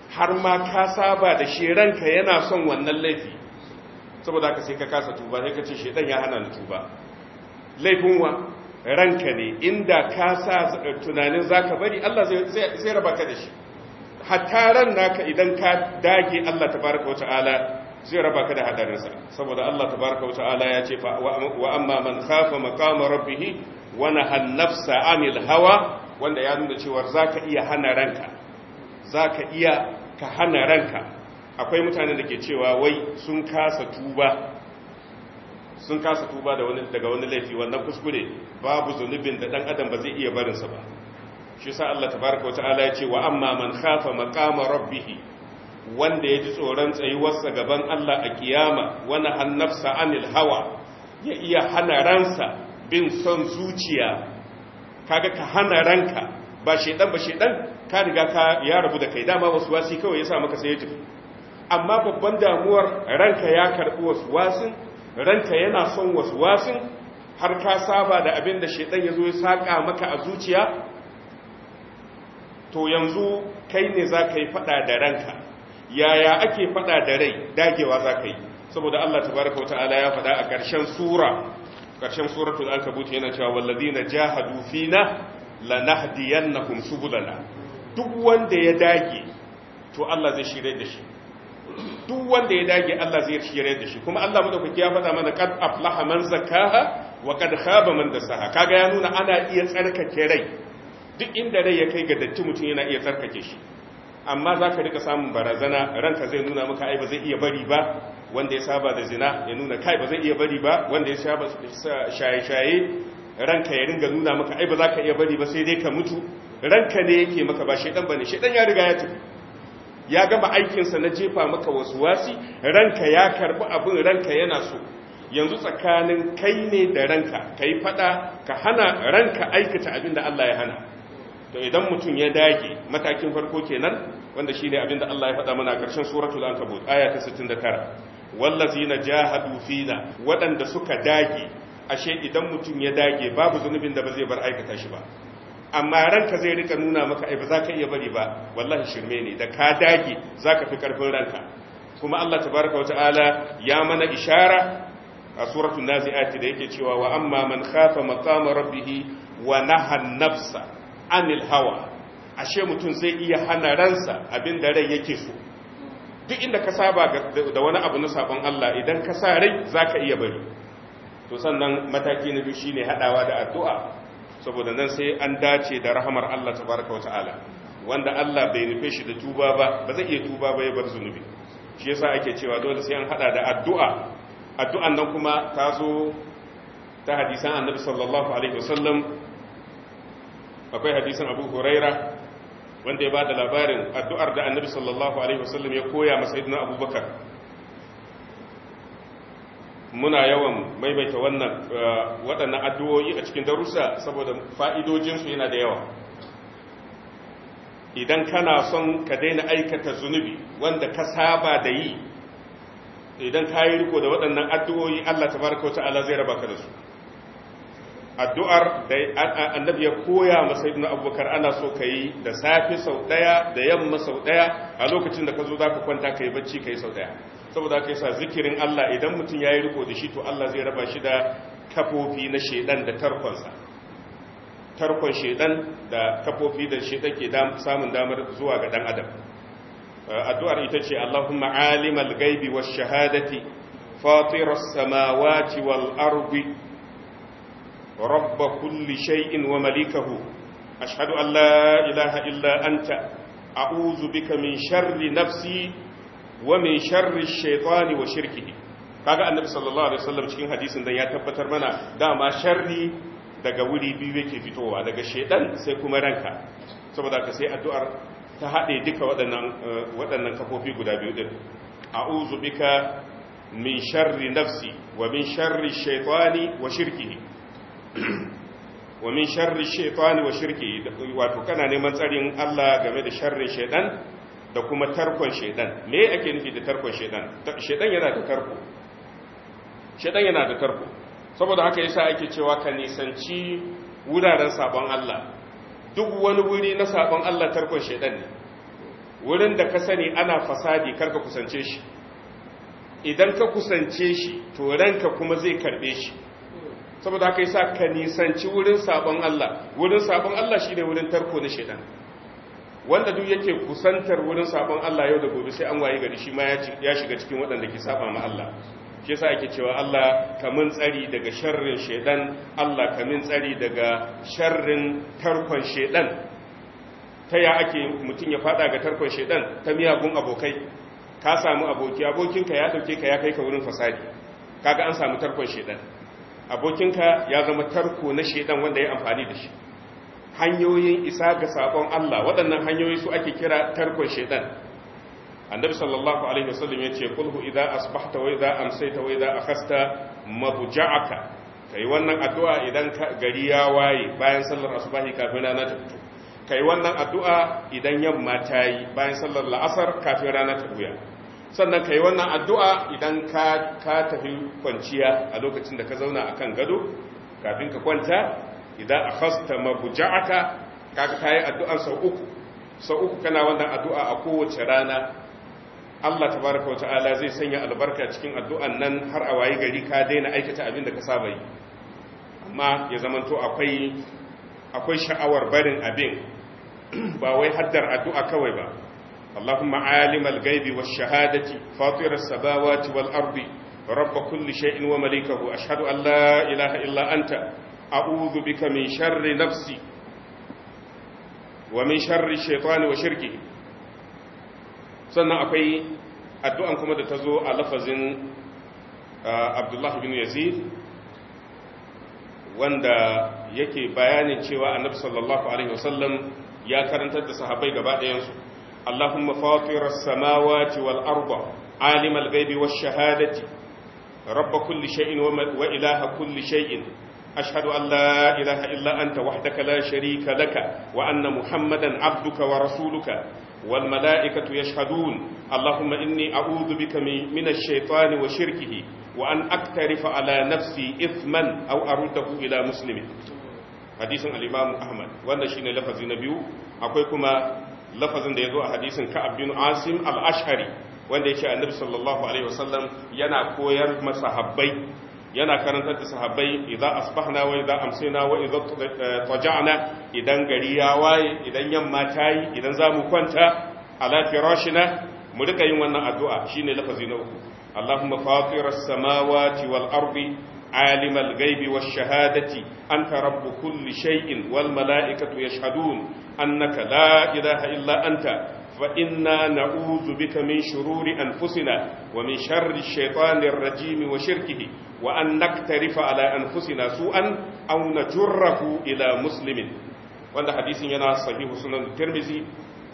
har ma ka saba da shi ranka yana son wannan laifi saboda haka sai ka kasa tuba sai ka ce shedan ya hana ni tuba laifin wa ranka ne inda ka sa tunanin zaka bari Allah zai raba ka da shi hatta ran naka idan ka dage Allah tabaraka wa ta'ala zai raba ka da hadarinsa saboda Allah tabaraka wa ta'ala ya ce wa amma man khafa maqama rabbih wa naha nafsa anil hawa wanda ya nuna cewa zaka iya hana ranka zaka iya ka hana ranka akwai mutane da ke cewa wai sun kasa tuba sun kasa tuba da wani daga wani laifi wannan kuskure babu zunubin da dan adam ba zai iya barinsa ba shi sa Allah tabaraka wa ta'ala ya ce wa amma man khafa maqama rabbih wanda ya ji tsoron tsayuwarsa gaban Allah a kiyama wani hannafsa anil hawa ya iya hana ransa bin son zuciya kaga ka hana ranka ba shaidan ba shaidan ka riga ka ya rabu da kai dama wasu wasi kawai ya sa maka sai ya tafi amma babban damuwar ranka ya karbi wasu wasin ranka yana son wasu wasin har ka saba da abin da shaidan ya zo ya saka maka a zuciya to yanzu kai ne za ka yi fada da ranka yaya ake fada da rai dagewa za ka yi saboda Allah tabaraka wa ta'ala ya fada a ƙarshen sura ƙarshen suratul ankabut yana cewa walladina jahadu fina lanahdiyannahum subulana duk wanda ya dage to Allah zai shirya da shi duk wanda ya dage Allah zai shirye da shi kuma Allah madaukaki ya faɗa mana qad aflaha man zakkaha wa qad khaba man dasaha kaga ya nuna ana iya tsarkake rai duk inda rai ya kai ga datti mutum yana iya tsarkake shi amma za ka rika samun barazana ranka zai nuna maka ai ba zai iya bari ba wanda ya saba da zina ya nuna kai ba zai iya bari ba wanda ya saba shaye-shaye ranka ya ringa nuna maka ai ba za ka iya bari ba sai dai ka mutu ranka ne yake maka ba shaidan bane shaidan ya riga ya tafi ya gama aikinsa na jefa maka wasu wasi ranka ya karbi abin ranka yana so yanzu tsakanin kai ne da ranka kai fada ka hana ranka aikata abin da Allah ya hana to idan mutum ya dage matakin farko kenan wanda shine abin da Allah ya faɗa mana a ƙarshen suratul ankabut aya ta 69 wallazina jahadu fina waɗanda suka dage ashe idan mutum ya dage babu zunubin da ba zai bar aikata shi ba amma ranka zai rika nuna maka ai ba za ka iya bari ba wallahi shirme ne da ka dage zaka fi karfin ranka kuma Allah tabaraka wa ta'ala ya mana ishara a suratul nazi'ati da yake cewa wa amma man khafa maqama rabbih wa na nafsa anil hawa ashe mutum zai iya hana ransa abin da rai yake so duk inda ka saba da wani abu na sabon Allah idan ka sa rai za ka iya bari to sannan mataki na biyu shine hadawa da addu'a saboda nan sai an dace da rahamar Allah tabaraka wataala wanda Allah bai nufe shi da tuba ba ba zai iya tuba ba ya bar zunubi shi yasa ake cewa dole sai an hada da addu'a addu'an nan kuma ta zo ta hadisan annabi sallallahu alaihi wasallam akwai hadisin abu huraira wanda ya ba da labarin addu'ar da annabi sallallahu alaihi wasallam ya koya masa idina abubakar muna yawan maimaita wannan uh, waɗannan addu'o'i a cikin darussa saboda fa'idojinsu yana da yawa idan kana son ka daina aikata zunubi wanda ka saba da yi idan ka yi riko da waɗannan addu'o'i allah ta baraka wata ala zai raba ka da su addu'ar da annabi ya koya masa ibn abubakar ana so ka yi da safe sau ɗaya da yamma sau ɗaya a lokacin da ka zo za ka kwanta ka yi bacci ka yi sau ɗaya saboda ka yi sa zikirin allah idan mutum ya yi riko da shi to allah zai raba shi da kafofi na shaidan da tarkonsa tarkon shaidan da kafofi da shaidan ke samun damar zuwa ga dan adam addu'ar ita ce allahumma alimal gaibi wa shahadati fatirar samawati wal ardi رب كل شيء ومليكه أشهد أن لا إله إلا أنت أعوذ بك من شر نفسي ومن شر الشيطان وشركه kaga annabi sallallahu alaihi wasallam cikin hadisin dan ya tabbatar mana dama sharri daga wuri biyu yake fitowa daga shedan sai kuma ranka saboda ka sai addu'ar ta haɗe duka waɗannan waɗannan kafofi guda biyu din a'udhu bika min sharri nafsi wa min sharri shaytani wa shirkihi wa min sharri shaytani wa shirki wato kana neman tsarin Allah game da sharrin shaytan da kuma tarkon shaytan me ake nufi da tarkon shaytan shaytan yana da tarko shaytan yana da tarko saboda haka yasa ake cewa ka nisanci wuraren sabon Allah duk wani wuri na sabon Allah tarkon shaytan ne wurin da ka sani ana fasadi karka kusance shi idan ka kusance shi to ranka kuma zai karbe shi saboda haka yasa ka nisanci wurin sabon Allah wurin sabon Allah shine wurin tarko na shedan wanda duk yake kusantar wurin sabon Allah yau da gobe sai an waye gari shi ma ya shiga cikin waɗanda ke saba ma Allah shi yasa ake cewa Allah kamun tsari daga sharrin shedan Allah kamun tsari daga sharrin tarkon shedan ta ya ake mutum ya fada ga tarkon shedan ta miyagun abokai ka samu aboki abokinka ya dauke ka ya kai ka wurin fasadi kaga an samu tarkon shedan abokinka ya zama tarko na shaidan wanda ya amfani da shi hanyoyin isa ga sabon Allah waɗannan hanyoyi su ake kira tarkon shaidan annabi sallallahu alaihi wasallam ya ce kulhu idza asbahta wa idza amsayta wa idza akhasta mabja'aka kai wannan addu'a idan gari ya waye bayan sallar asubahi kafin rana ta fito kai wannan addu'a idan yamma ta yi bayan sallar la'asar kafin rana ta buya sannan ka yi wannan addu'a idan ka tafi kwanciya a lokacin da ka zauna a kan gado kafin ka kwanta idan a hasta mabuja'aka kaka yi addu'ar sau uku sau uku kana wannan addu'a a kowace rana Allah ta baraka wata ala zai sanya albarka cikin addu'an nan har a wayi gari ka daina aikata abin da ka saba yi amma ya zamanto akwai sha'awar barin abin ba wai haddar addu'a kawai ba اللهم عالم الغيب والشهادة فاطر السماوات والأرض رب كل شيء ومليكه أشهد أن لا إله إلا أنت أعوذ بك من شر نفسي ومن شر الشيطان وشركه sannan akwai addu'an kuma da ta zo a lafazin uh, abdullahi bin yazid wanda yake bayanin cewa annabi sallallahu alaihi wasallam ya karantar da sahabai gaba ɗayansu اللهم فاطر السماوات والأرض عالم الغيب والشهادة رب كل شيء وإله كل شيء أشهد أن لا إله إلا أنت وحدك لا شريك لك وأن محمدا عبدك ورسولك والملائكة يشهدون اللهم إني أعوذ بك من الشيطان وشركه وأن أقترف على نفسي إثما أو أرده إلى مسلم hadisin al'imamu ahmad wannan shine lafazi na biyu akwai kuma lafazin da ya zo a hadisin ka'ab bin asim al-ash'ari wanda ya ce annabi sallallahu alaihi wasallam yana koyar masahabbai yana karantar da sahabbai idan asbahna wa idan amsina wa idan taja'na idan gari ya waye idan yamma ta idan zamu kwanta ala firashina mu rika yin wannan addu'a shine lafazi na uku allahumma fatiras samawati wal عالم الغيب والشهادة أنت رب كل شيء والملائكة يشهدون أنك لا إله إلا أنت فإنا نعوذ بك من شرور أنفسنا ومن شر الشيطان الرجيم وشركه وأن نقترف على أنفسنا سوءا أو نجره إلى مسلم وأن حديث ينا صحيح سنن الترمذي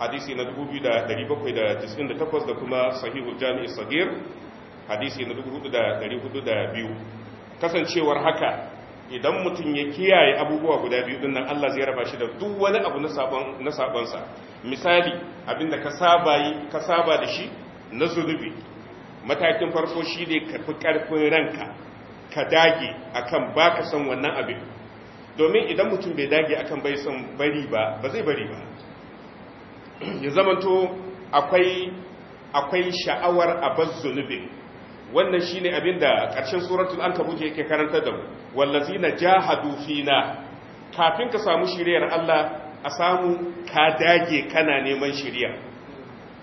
حديث ندبوبي دا دريبكو دا تسعين دا تقوز دا كما صحيح الجامع الصغير حديث ندبوبي دا دريبكو دا بيو kasancewar haka idan mutum ya kiyaye abubuwa guda biyu din nan Allah zai raba shi da duk wani abu na sabonsa misali abinda ka saba yi ka saba da shi na zunubi matakin farko shi ne ka fi karfin ranka ka dage akan baka son wannan abin domin idan mutum bai dage akan bai son bari ba ba zai bari ba ya zamanto akwai akwai sha'awar bas zunubin wannan shine abin da ƙarshen suratul kabuje yake karanta da mu na jahadu fina kafin ka samu shiriyar Allah a samu ka dage kana neman shiriya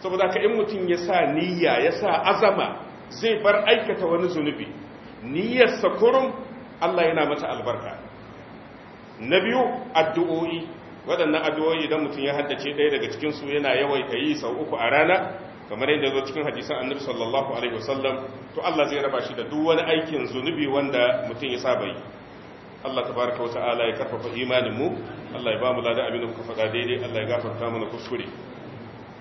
saboda ka in mutum ya sa niyya ya sa azama zai bar aikata wani zunubi niyyarsa kurum Allah yana mata albarka na biyu addu'o'i waɗannan addu'o'i idan mutum ya haddace ɗaya daga cikinsu yana yawaita yi sau uku a rana kamar yadda zo cikin hadisan annabi sallallahu alaihi wasallam to Allah zai raba shi da duk wani aikin zunubi wanda mutum ya saba yi Allah tabaraka wa ta'ala ya karfafa imanin mu Allah ya ba mu ladan abin da kuka faɗa daidai Allah ya gafarta mana kuskure